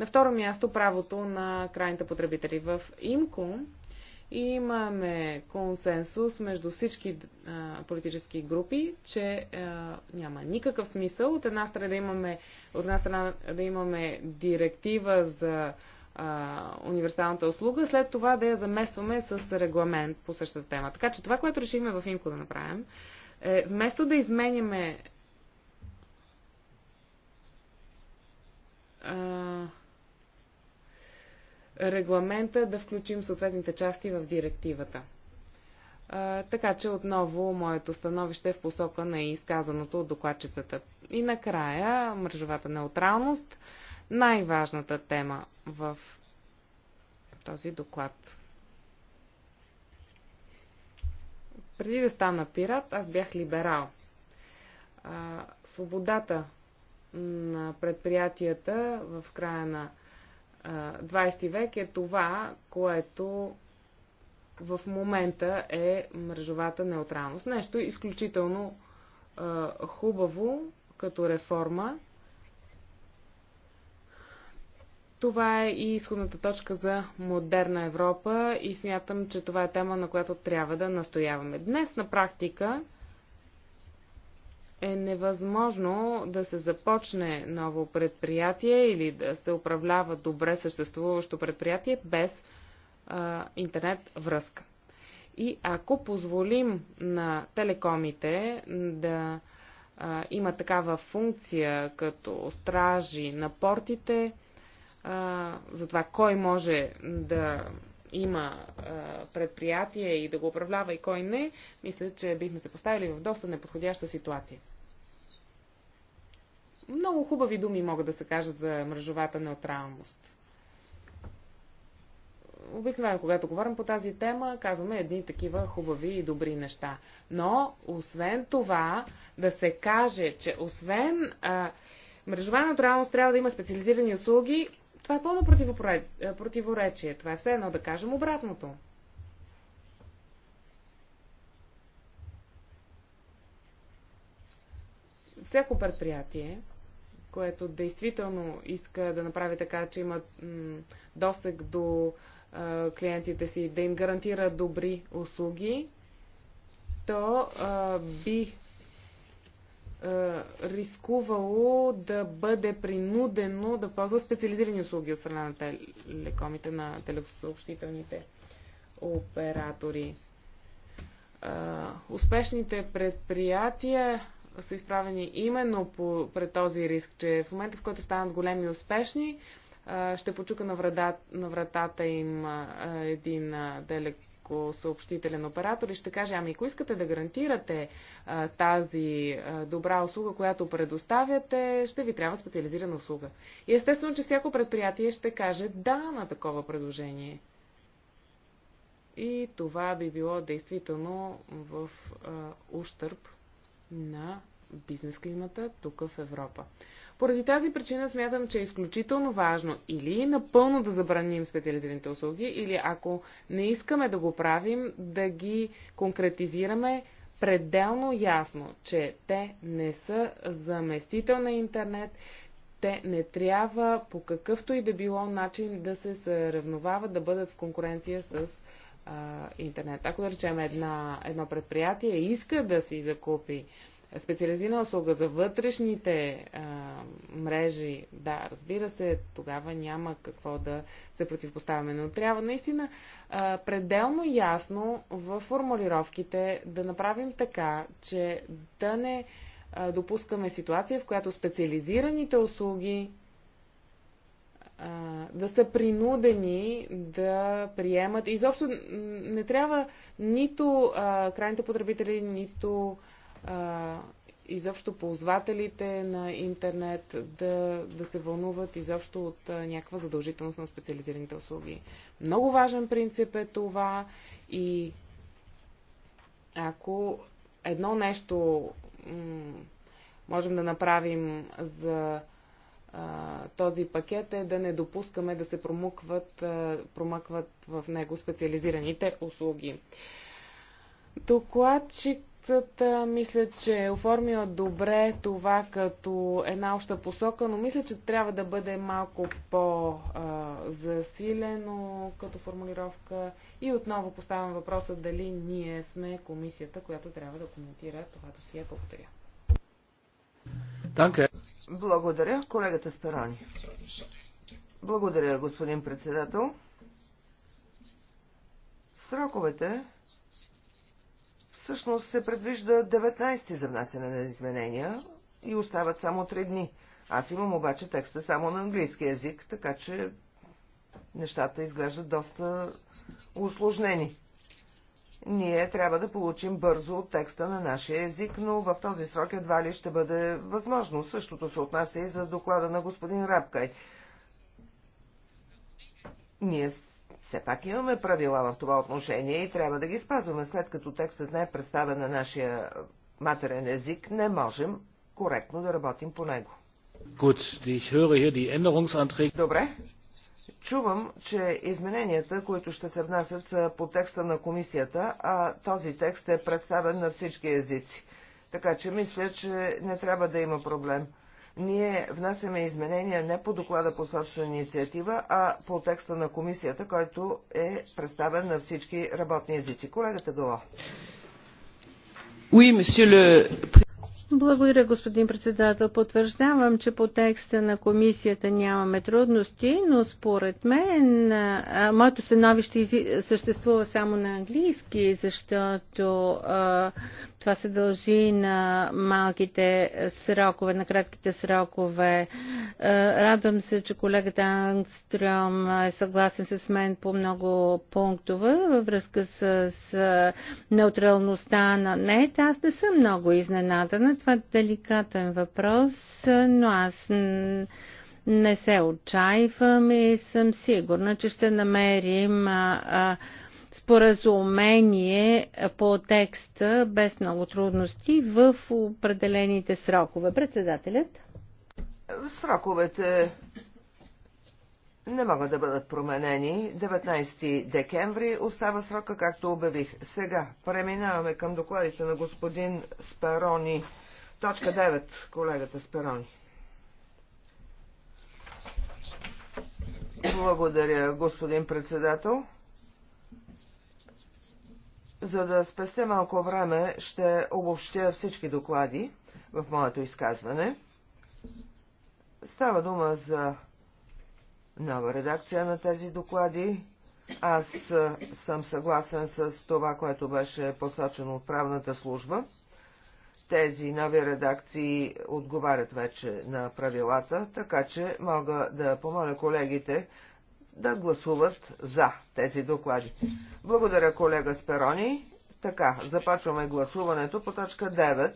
На второ място правото на крайните потребители. В ИМКО имаме консенсус между всички а, политически групи, че а, няма никакъв смисъл от една страна да имаме, от една страна да имаме директива за универсалната услуга, след това да я заместваме с регламент по същата тема. Така че това, което решихме в Инко да направим, е, вместо да изменяме регламента да включим съответните части в директивата. А, така че отново моето становище е в посока на изказаното от докладчицата. И накрая мръжовата неутралност, най-важната тема в този доклад. Преди да стана пират, аз бях либерал. А, свободата на предприятията в края на 20 век е това, което в момента е мрежовата неутралност. Нещо изключително хубаво като реформа. Това е и изходната точка за модерна Европа и смятам, че това е тема, на която трябва да настояваме. Днес на практика е невъзможно да се започне ново предприятие или да се управлява добре съществуващо предприятие без а, интернет връзка. И ако позволим на телекомите да а, има такава функция като стражи на портите, а, за това кой може да има предприятие и да го управлява и кой не, мисля, че бихме се поставили в доста неподходяща ситуация. Много хубави думи могат да се кажат за мрежовата неутралност. Обикновено, когато говорим по тази тема, казваме едни такива хубави и добри неща. Но, освен това, да се каже, че освен а, мрежова натуралност трябва да има специализирани услуги, това е пълно е, противоречие. Това е все едно да кажем обратното. Всяко предприятие, което действително иска да направи така, че има досег до клиентите си, да им гарантира добри услуги, то а, би е, рискувало да бъде принудено да ползва специализирани услуги от страна на телекомите, на телесъобщителните оператори. Е, успешните предприятия са изправени именно по, пред този риск, че в момента, в който станат големи и успешни, е, ще почука на, врата, на вратата им един телек ако съобщителен оператор и ще каже, ами ако искате да гарантирате а, тази а, добра услуга, която предоставяте, ще ви трябва специализирана услуга. И естествено, че всяко предприятие ще каже да на такова предложение. И това би било действително в а, ущърп на бизнес климата тук в Европа. Поради тази причина смятам, че е изключително важно или напълно да забраним специализираните услуги, или ако не искаме да го правим, да ги конкретизираме пределно ясно, че те не са заместител на интернет, те не трябва по какъвто и да било начин да се съревновават, да бъдат в конкуренция с а, интернет. Ако да речем една, едно предприятие иска да си закупи специализирана услуга за вътрешните а, мрежи, да, разбира се, тогава няма какво да се противопоставяме. Но трябва наистина а, пределно ясно в формулировките да направим така, че да не а, допускаме ситуация, в която специализираните услуги да са принудени да приемат. Изобщо не трябва нито а, крайните потребители, нито а, а, изобщо ползвателите на интернет да, да се вълнуват изобщо от а, някаква задължителност на специализираните услуги. Много важен принцип е това и ако едно нещо можем да направим за а, този пакет е да не допускаме да се промъкват, а, промъкват в него специализираните услуги. Докладчик Докладчицът мисля, че е оформила добре това като една обща посока, но мисля, че трябва да бъде малко по-засилено като формулировка. И отново поставям въпроса дали ние сме комисията, която трябва да коментира това досие. Благодаря. Данке. Благодаря, колегата Старани. Благодаря, господин председател. Сроковете Всъщност се предвижда 19 за внасяне на изменения и остават само 3 дни. Аз имам обаче текста само на английски язик, така че нещата изглеждат доста усложнени. Ние трябва да получим бързо от текста на нашия език, но в този срок едва ли ще бъде възможно. Същото се отнася и за доклада на господин Рапкай. Ние все пак имаме правила в това отношение и трябва да ги спазваме, след като текстът не е представен на нашия матерен език, не можем коректно да работим по него. Добре. Чувам, че измененията, които ще се внасят са по текста на комисията, а този текст е представен на всички езици. Така че мисля, че не трябва да има проблем ние внасяме изменения не по доклада по собствена инициатива, а по текста на комисията, който е представен на всички работни езици. Колегата Гало. Oui, le... Благодаря, господин председател. Потвърждавам, че по текста на комисията нямаме трудности, но според мен а, моето становище съществува само на английски, защото а, това се дължи на малките срокове, на кратките срокове. Е, радвам се, че колегата Ангстрем е съгласен с мен по много пунктове във връзка с, с неутралността на нет. Аз не съм много изненадана. Това е деликатен въпрос, но аз не се отчаивам и съм сигурна, че ще намерим а, а, споразумение по текста без много трудности в определените срокове. Председателят? Сроковете не могат да бъдат променени. 19 декември остава срока, както обявих. Сега преминаваме към докладите на господин Сперони. Точка 9, колегата Сперони. Благодаря, господин председател. За да спесте малко време, ще обобщя всички доклади в моето изказване. Става дума за нова редакция на тези доклади. Аз съм съгласен с това, което беше посочено от правната служба. Тези нови редакции отговарят вече на правилата, така че мога да помоля колегите да гласуват за тези доклади. Благодаря, колега Сперони. Така, започваме гласуването по точка 9.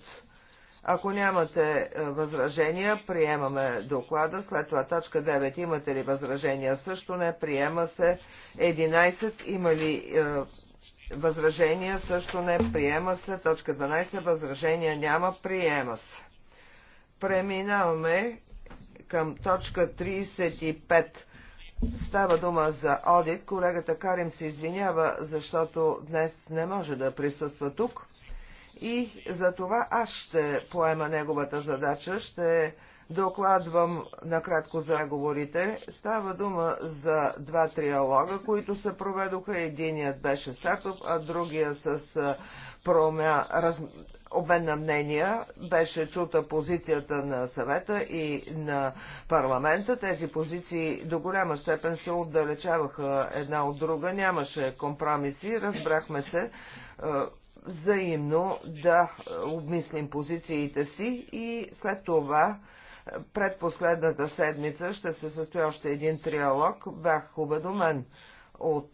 Ако нямате е, възражения, приемаме доклада. След това точка 9. Имате ли възражения? Също не. Приема се 11. Има ли е, възражения? Също не. Приема се. Точка 12. Възражения няма. Приема се. Преминаваме към точка 35. Става дума за одит. Колегата Карим се извинява, защото днес не може да присъства тук. И за това аз ще поема неговата задача, ще докладвам накратко за Става дума за два триалога, които се проведоха. Единият беше стартъп, а другия с промя... раз обмен на мнения беше чута позицията на съвета и на парламента. Тези позиции до голяма степен се отдалечаваха една от друга. Нямаше компромиси. Разбрахме се е, взаимно да обмислим позициите си и след това е, пред последната седмица ще се състои още един триалог. Бях уведомен от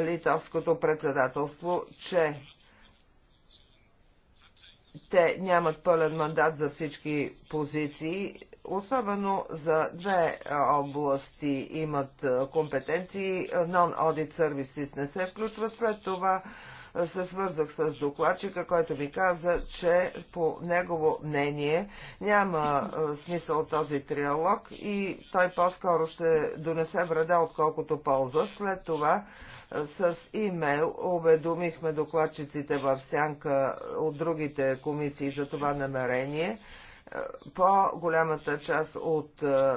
литовското председателство, че те нямат пълен мандат за всички позиции, особено за две области имат компетенции. Non-audit services не се включват. След това се свързах с докладчика, който ми каза, че по негово мнение няма смисъл този триалог и той по-скоро ще донесе вреда, отколкото полза. След това с имейл уведомихме докладчиците в сянка от другите комисии за това намерение. По-голямата част от е,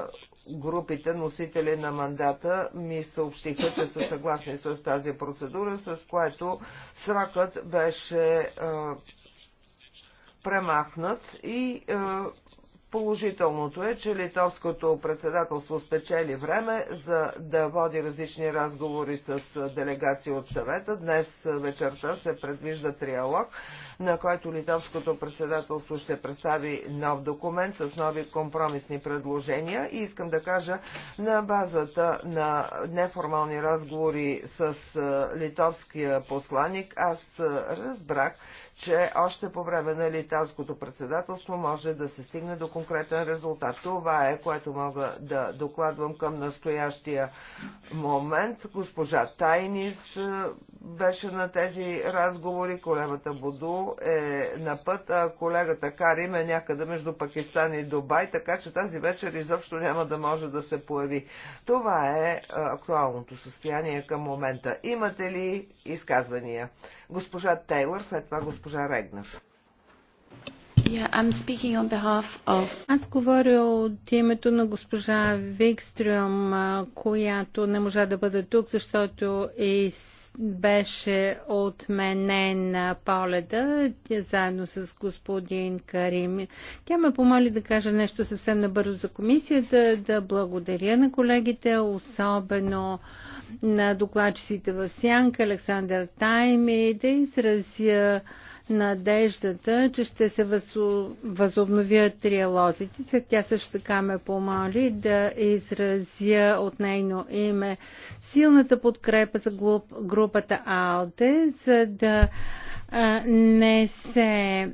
групите, носители на мандата, ми съобщиха, че са съгласни с тази процедура, с което срокът беше е, премахнат и е, Положителното е, че литовското председателство спечели време за да води различни разговори с делегации от съвета. Днес вечерта се предвижда триалог, на който литовското председателство ще представи нов документ с нови компромисни предложения. И искам да кажа, на базата на неформални разговори с литовския посланник, аз разбрах, че още по време на литанското председателство може да се стигне до конкретен резултат. Това е, което мога да докладвам към настоящия момент. Госпожа Тайнис е, беше на тези разговори, колегата Буду е на път, а колегата Карим е някъде между Пакистан и Дубай, така че тази вечер изобщо няма да може да се появи. Това е, е актуалното състояние към момента. Имате ли изказвания? Госпожа Тейлър, след това госпожа госпожа Регнер. Аз говоря от името на госпожа Викстрюм, която не можа да бъде тук, защото и беше отменен на полета заедно с господин Карим. Тя ме помоли да кажа нещо съвсем набързо за комисията, да благодаря на колегите, особено на докладчиците в Сянка, Александър Тайми, да изразя надеждата, че ще се възобновят триалозите. Тя също така ме помоли да изразя от нейно име силната подкрепа за групата АЛТЕ, за да не се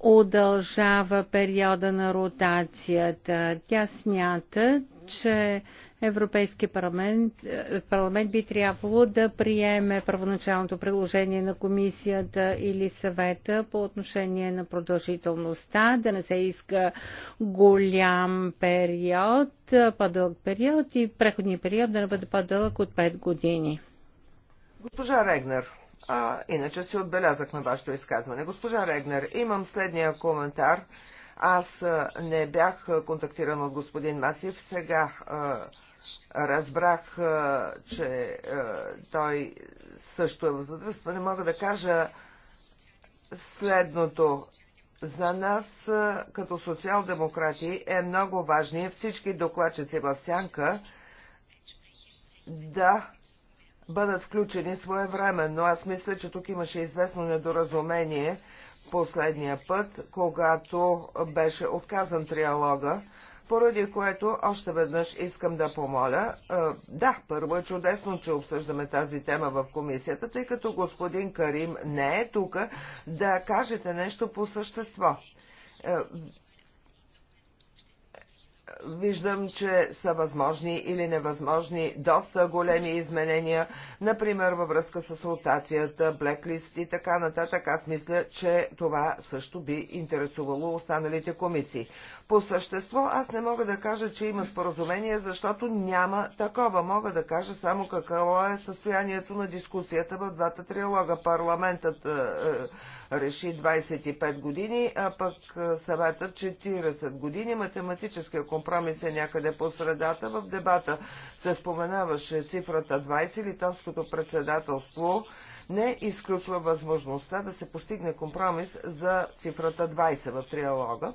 удължава периода на ротацията. Тя смята, че Европейския парламент, е, парламент би трябвало да приеме първоначалното предложение на комисията или съвета по отношение на продължителността, да не се иска голям период, по-дълъг период и преходния период да не бъде по-дълъг от 5 години. Госпожа Регнер, а, иначе си отбелязах на вашето изказване. Госпожа Регнер, имам следния коментар. Аз не бях контактиран от господин Масив. Сега разбрах, че той също е в задръстване. Мога да кажа следното. За нас, като социал-демократи, е много важно всички докладчици в сянка да бъдат включени своевременно. Аз мисля, че тук имаше известно недоразумение последния път, когато беше отказан триалога, поради което още веднъж искам да помоля. Е, да, първо е чудесно, че обсъждаме тази тема в комисията, тъй като господин Карим не е тук да кажете нещо по същество. Е, виждам, че са възможни или невъзможни доста големи изменения, например във връзка с ротацията, блеклист и така нататък. Аз мисля, че това също би интересувало останалите комисии. По същество аз не мога да кажа, че има споразумение, защото няма такова. Мога да кажа само какво е състоянието на дискусията в двата триалога. Парламентът е, е, реши 25 години, а пък е, съветът 40 години. Математическия компромис е някъде по средата. В дебата се споменаваше цифрата 20. Литовското председателство не изключва възможността да се постигне компромис за цифрата 20 в триалога.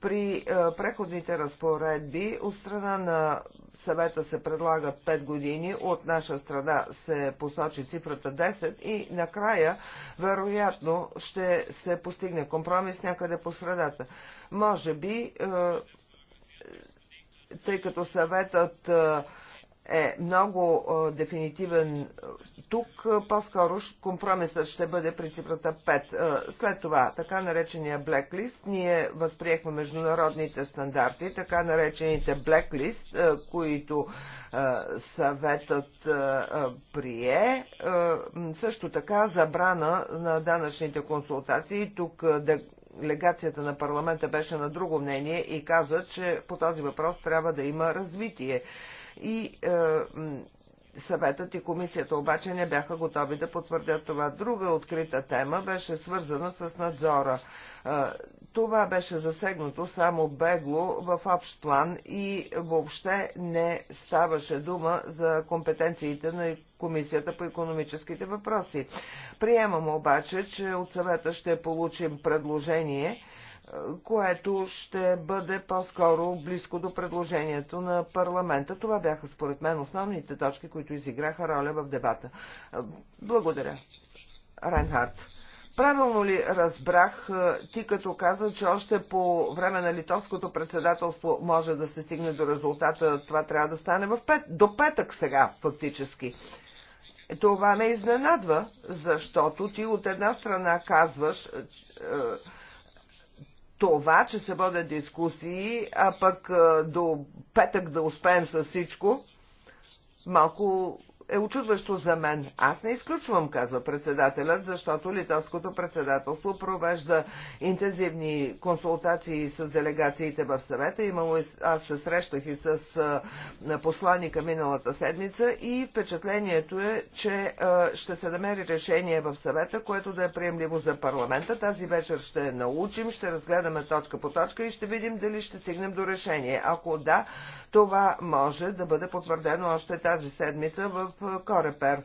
При е, преходните разпоредби от страна на съвета се предлагат 5 години, от наша страна се посочи цифрата 10 и накрая вероятно ще се постигне компромис някъде по средата. Може би, е, тъй като съветът е, е много е, дефинитивен тук, е, по-скоро компромисът ще бъде при цифрата 5. Е, след това, така наречения blacklist, ние възприехме международните стандарти, така наречените blacklist, които съветът прие. Също така забрана на данъчните консултации. Тук да легацията на парламента беше на друго мнение и каза, че по този въпрос трябва да има развитие и е, Съветът и комисията обаче не бяха готови да потвърдят това. Друга открита тема беше свързана с надзора. Е, това беше засегнато само бегло в общ план и въобще не ставаше дума за компетенциите на Комисията по економическите въпроси. Приемам обаче, че от съвета ще получим предложение което ще бъде по-скоро близко до предложението на парламента. Това бяха според мен основните точки, които изиграха роля в дебата. Благодаря. Райнхард. Правилно ли разбрах ти като каза, че още по време на литовското председателство може да се стигне до резултата, това трябва да стане в пет, до петък сега фактически. Това ме изненадва, защото ти от една страна казваш, е, това, че се водят дискусии, а пък до петък да успеем с всичко, малко е очудващо за мен. Аз не изключвам, казва председателят, защото литовското председателство провежда интензивни консултации с делегациите в съвета. Имало и, аз се срещах и с посланика миналата седмица и впечатлението е, че ще се намери решение в съвета, което да е приемливо за парламента. Тази вечер ще научим, ще разгледаме точка по точка и ще видим дали ще стигнем до решение. Ако да, това може да бъде потвърдено още тази седмица в Корепер.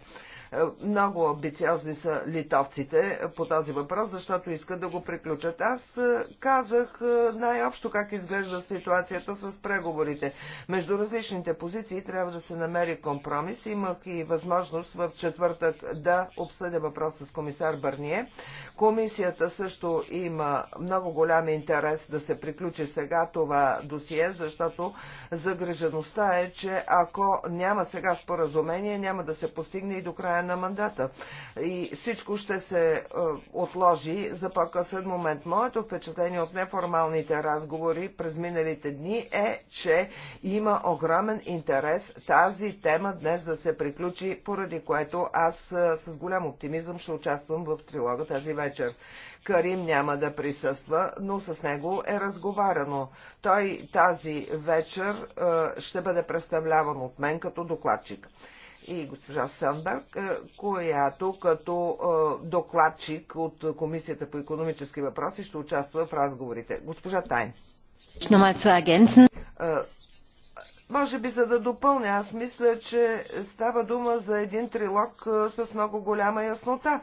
Много амбициозни са литовците по този въпрос, защото искат да го приключат. Аз е, казах е, най-общо как изглежда ситуацията с преговорите. Между различните позиции трябва да се намери компромис. Имах и възможност в четвъртък да обсъдя въпрос с комисар Бърние. Комисията също има много голям интерес да се приключи сега това досие, защото загрежеността е, че ако няма сега споразумение, няма да се постигне и до края края на мандата. И всичко ще се е, отложи за по-късен момент. Моето впечатление от неформалните разговори през миналите дни е, че има огромен интерес тази тема днес да се приключи, поради което аз е, с голям оптимизъм ще участвам в трилога тази вечер. Карим няма да присъства, но с него е разговарано. Той тази вечер е, ще бъде представляван от мен като докладчик и госпожа Сънберг, която като е, докладчик от Комисията по економически въпроси ще участва в разговорите. Госпожа Тайн. Е, може би за да допълня, аз мисля, че става дума за един трилог е, с много голяма яснота.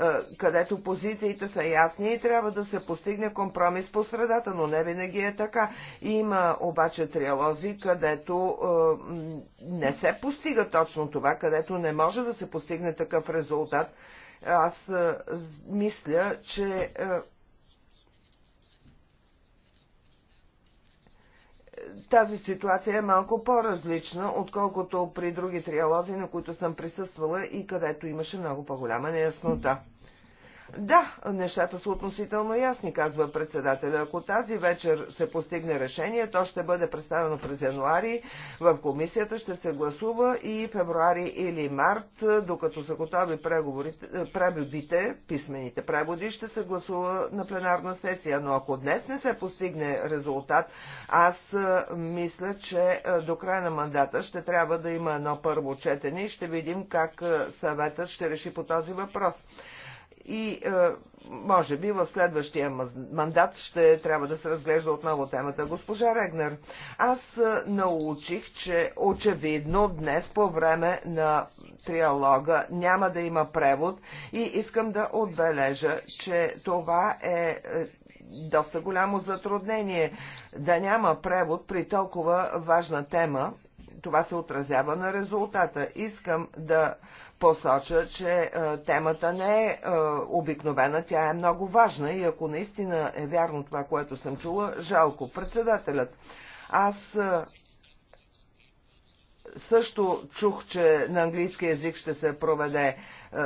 Е, където позициите са ясни и трябва да се постигне компромис по средата, но не винаги е така. Има обаче триалози, където е, не се постига точно това, където не може да се постигне такъв резултат. Аз е, мисля, че тази ситуация е малко по-различна, отколкото при други триалози, на които съм присъствала и където имаше много по-голяма неяснота. Да, нещата са относително ясни, казва председателя. Ако тази вечер се постигне решение, то ще бъде представено през януари. В комисията ще се гласува и февруари или март, докато са готови преводите, писмените преводи, ще се гласува на пленарна сесия. Но ако днес не се постигне резултат, аз мисля, че до края на мандата ще трябва да има едно първо четене и ще видим как съветът ще реши по този въпрос и е, може би в следващия мандат ще трябва да се разглежда отново темата. Госпожа Регнер, аз е, научих, че очевидно днес по време на триалога няма да има превод и искам да отбележа, че това е, е доста голямо затруднение да няма превод при толкова важна тема. Това се отразява на резултата. Искам да посоча, че е, темата не е, е обикновена, тя е много важна и ако наистина е вярно това, което съм чула, жалко. Председателят, аз е, също чух, че на английски язик ще се проведе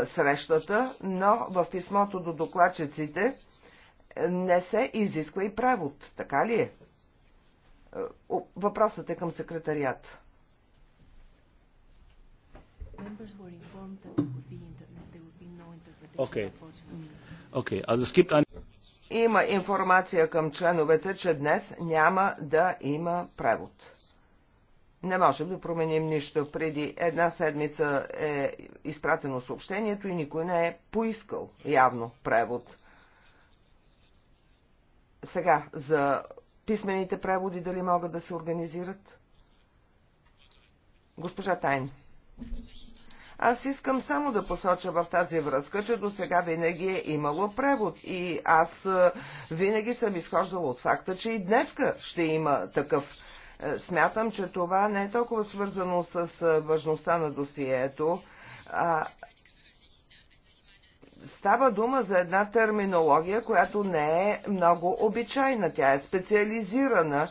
срещата, но в писмото до докладчиците не се изисква и превод, така ли е? Въпросът е към секретарията. Okay. Okay. Also es gibt Има информация към членовете, че днес няма да има превод. Не можем да променим нищо. Преди една седмица е изпратено съобщението и никой не е поискал явно превод. Сега, за писмените преводи дали могат да се организират? Госпожа Тайн. Аз искам само да посоча в тази връзка, че до сега винаги е имало превод и аз е, винаги съм изхождала от факта, че и днеска ще има такъв. Е, смятам, че това не е толкова свързано с е, важността на досието, а става дума за една терминология, която не е много обичайна. Тя е специализирана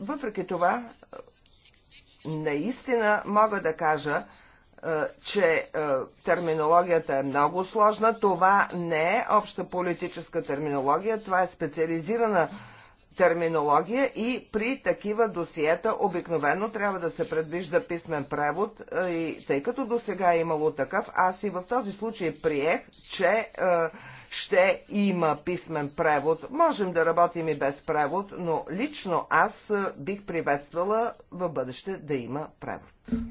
Въпреки това, наистина мога да кажа, е, че е, терминологията е много сложна. Това не е обща политическа терминология, това е специализирана терминология и при такива досиета обикновено трябва да се предвижда писмен превод и тъй като до сега е имало такъв, аз и в този случай приех, че е, ще има писмен превод. Можем да работим и без превод, но лично аз бих приветствала в бъдеще да има превод.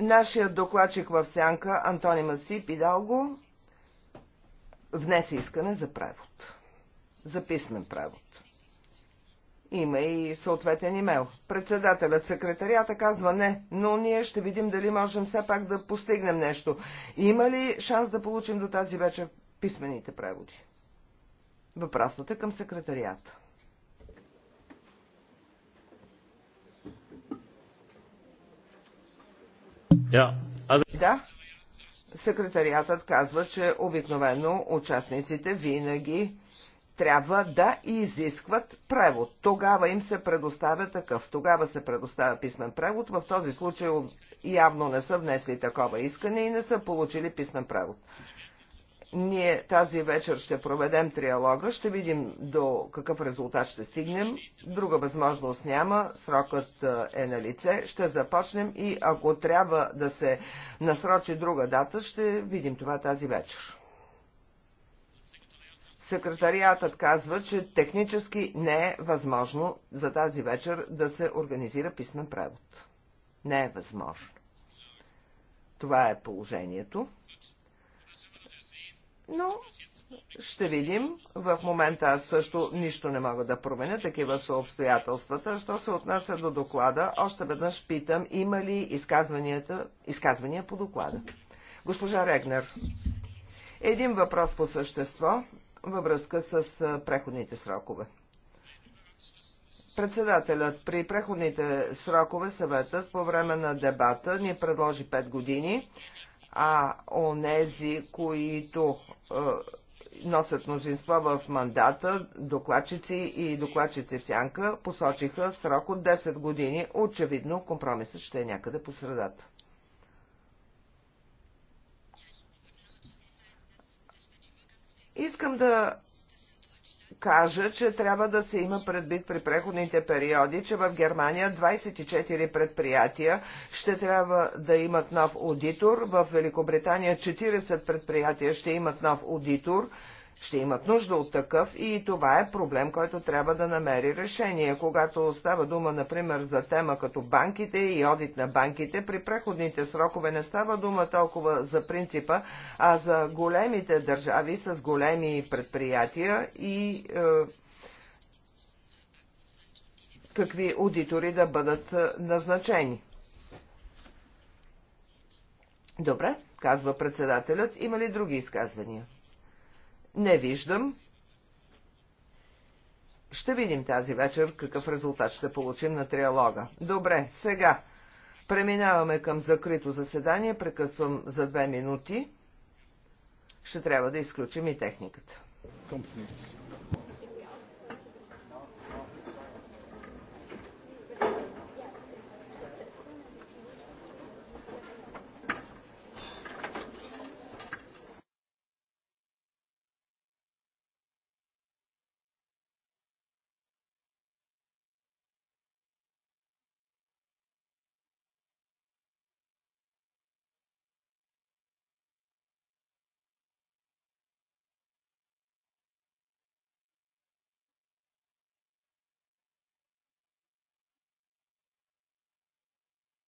Нашият докладчик в сянка Антони Масип Далго внесе искане за превод писмен правото. Има и съответен имейл. Председателят, секретарията казва не, но ние ще видим дали можем все пак да постигнем нещо. Има ли шанс да получим до тази вечер писмените преводи? Въпросът е към секретарията. Yeah. Да. Секретариатът казва, че обикновено участниците винаги трябва да изискват превод. Тогава им се предоставя такъв. Тогава се предоставя писмен превод. В този случай явно не са внесли такова искане и не са получили писмен превод. Ние тази вечер ще проведем триалога, ще видим до какъв резултат ще стигнем. Друга възможност няма, срокът е, е на лице, ще започнем и ако трябва да се насрочи друга дата, ще видим това тази вечер. Секретариатът казва, че технически не е възможно за тази вечер да се организира писмен превод. Не е възможно. Това е положението. Но ще видим. В момента аз също нищо не мога да променя. Такива са обстоятелствата. Що се отнася до доклада, още веднъж питам, има ли изказванията, изказвания по доклада. Госпожа Регнер, един въпрос по същество във връзка с преходните срокове. Председателят при преходните срокове съветът по време на дебата ни предложи 5 години, а онези, които е, носят мнозинство в мандата, докладчици и докладчици в сянка, посочиха срок от 10 години. Очевидно компромисът ще е някъде по средата. Искам да кажа, че трябва да се има предвид при преходните периоди, че в Германия 24 предприятия ще трябва да имат нов аудитор, в Великобритания 40 предприятия ще имат нов аудитор – ще имат нужда от такъв и това е проблем, който трябва да намери решение. Когато става дума, например, за тема като банките и одит на банките, при преходните срокове не става дума толкова за принципа, а за големите държави с големи предприятия и е, какви аудитори да бъдат е, назначени. Добре, казва председателят. Има ли други изказвания? Не виждам. Ще видим тази вечер какъв резултат ще получим на триалога. Добре, сега преминаваме към закрито заседание. Прекъсвам за две минути. Ще трябва да изключим и техниката. Companies.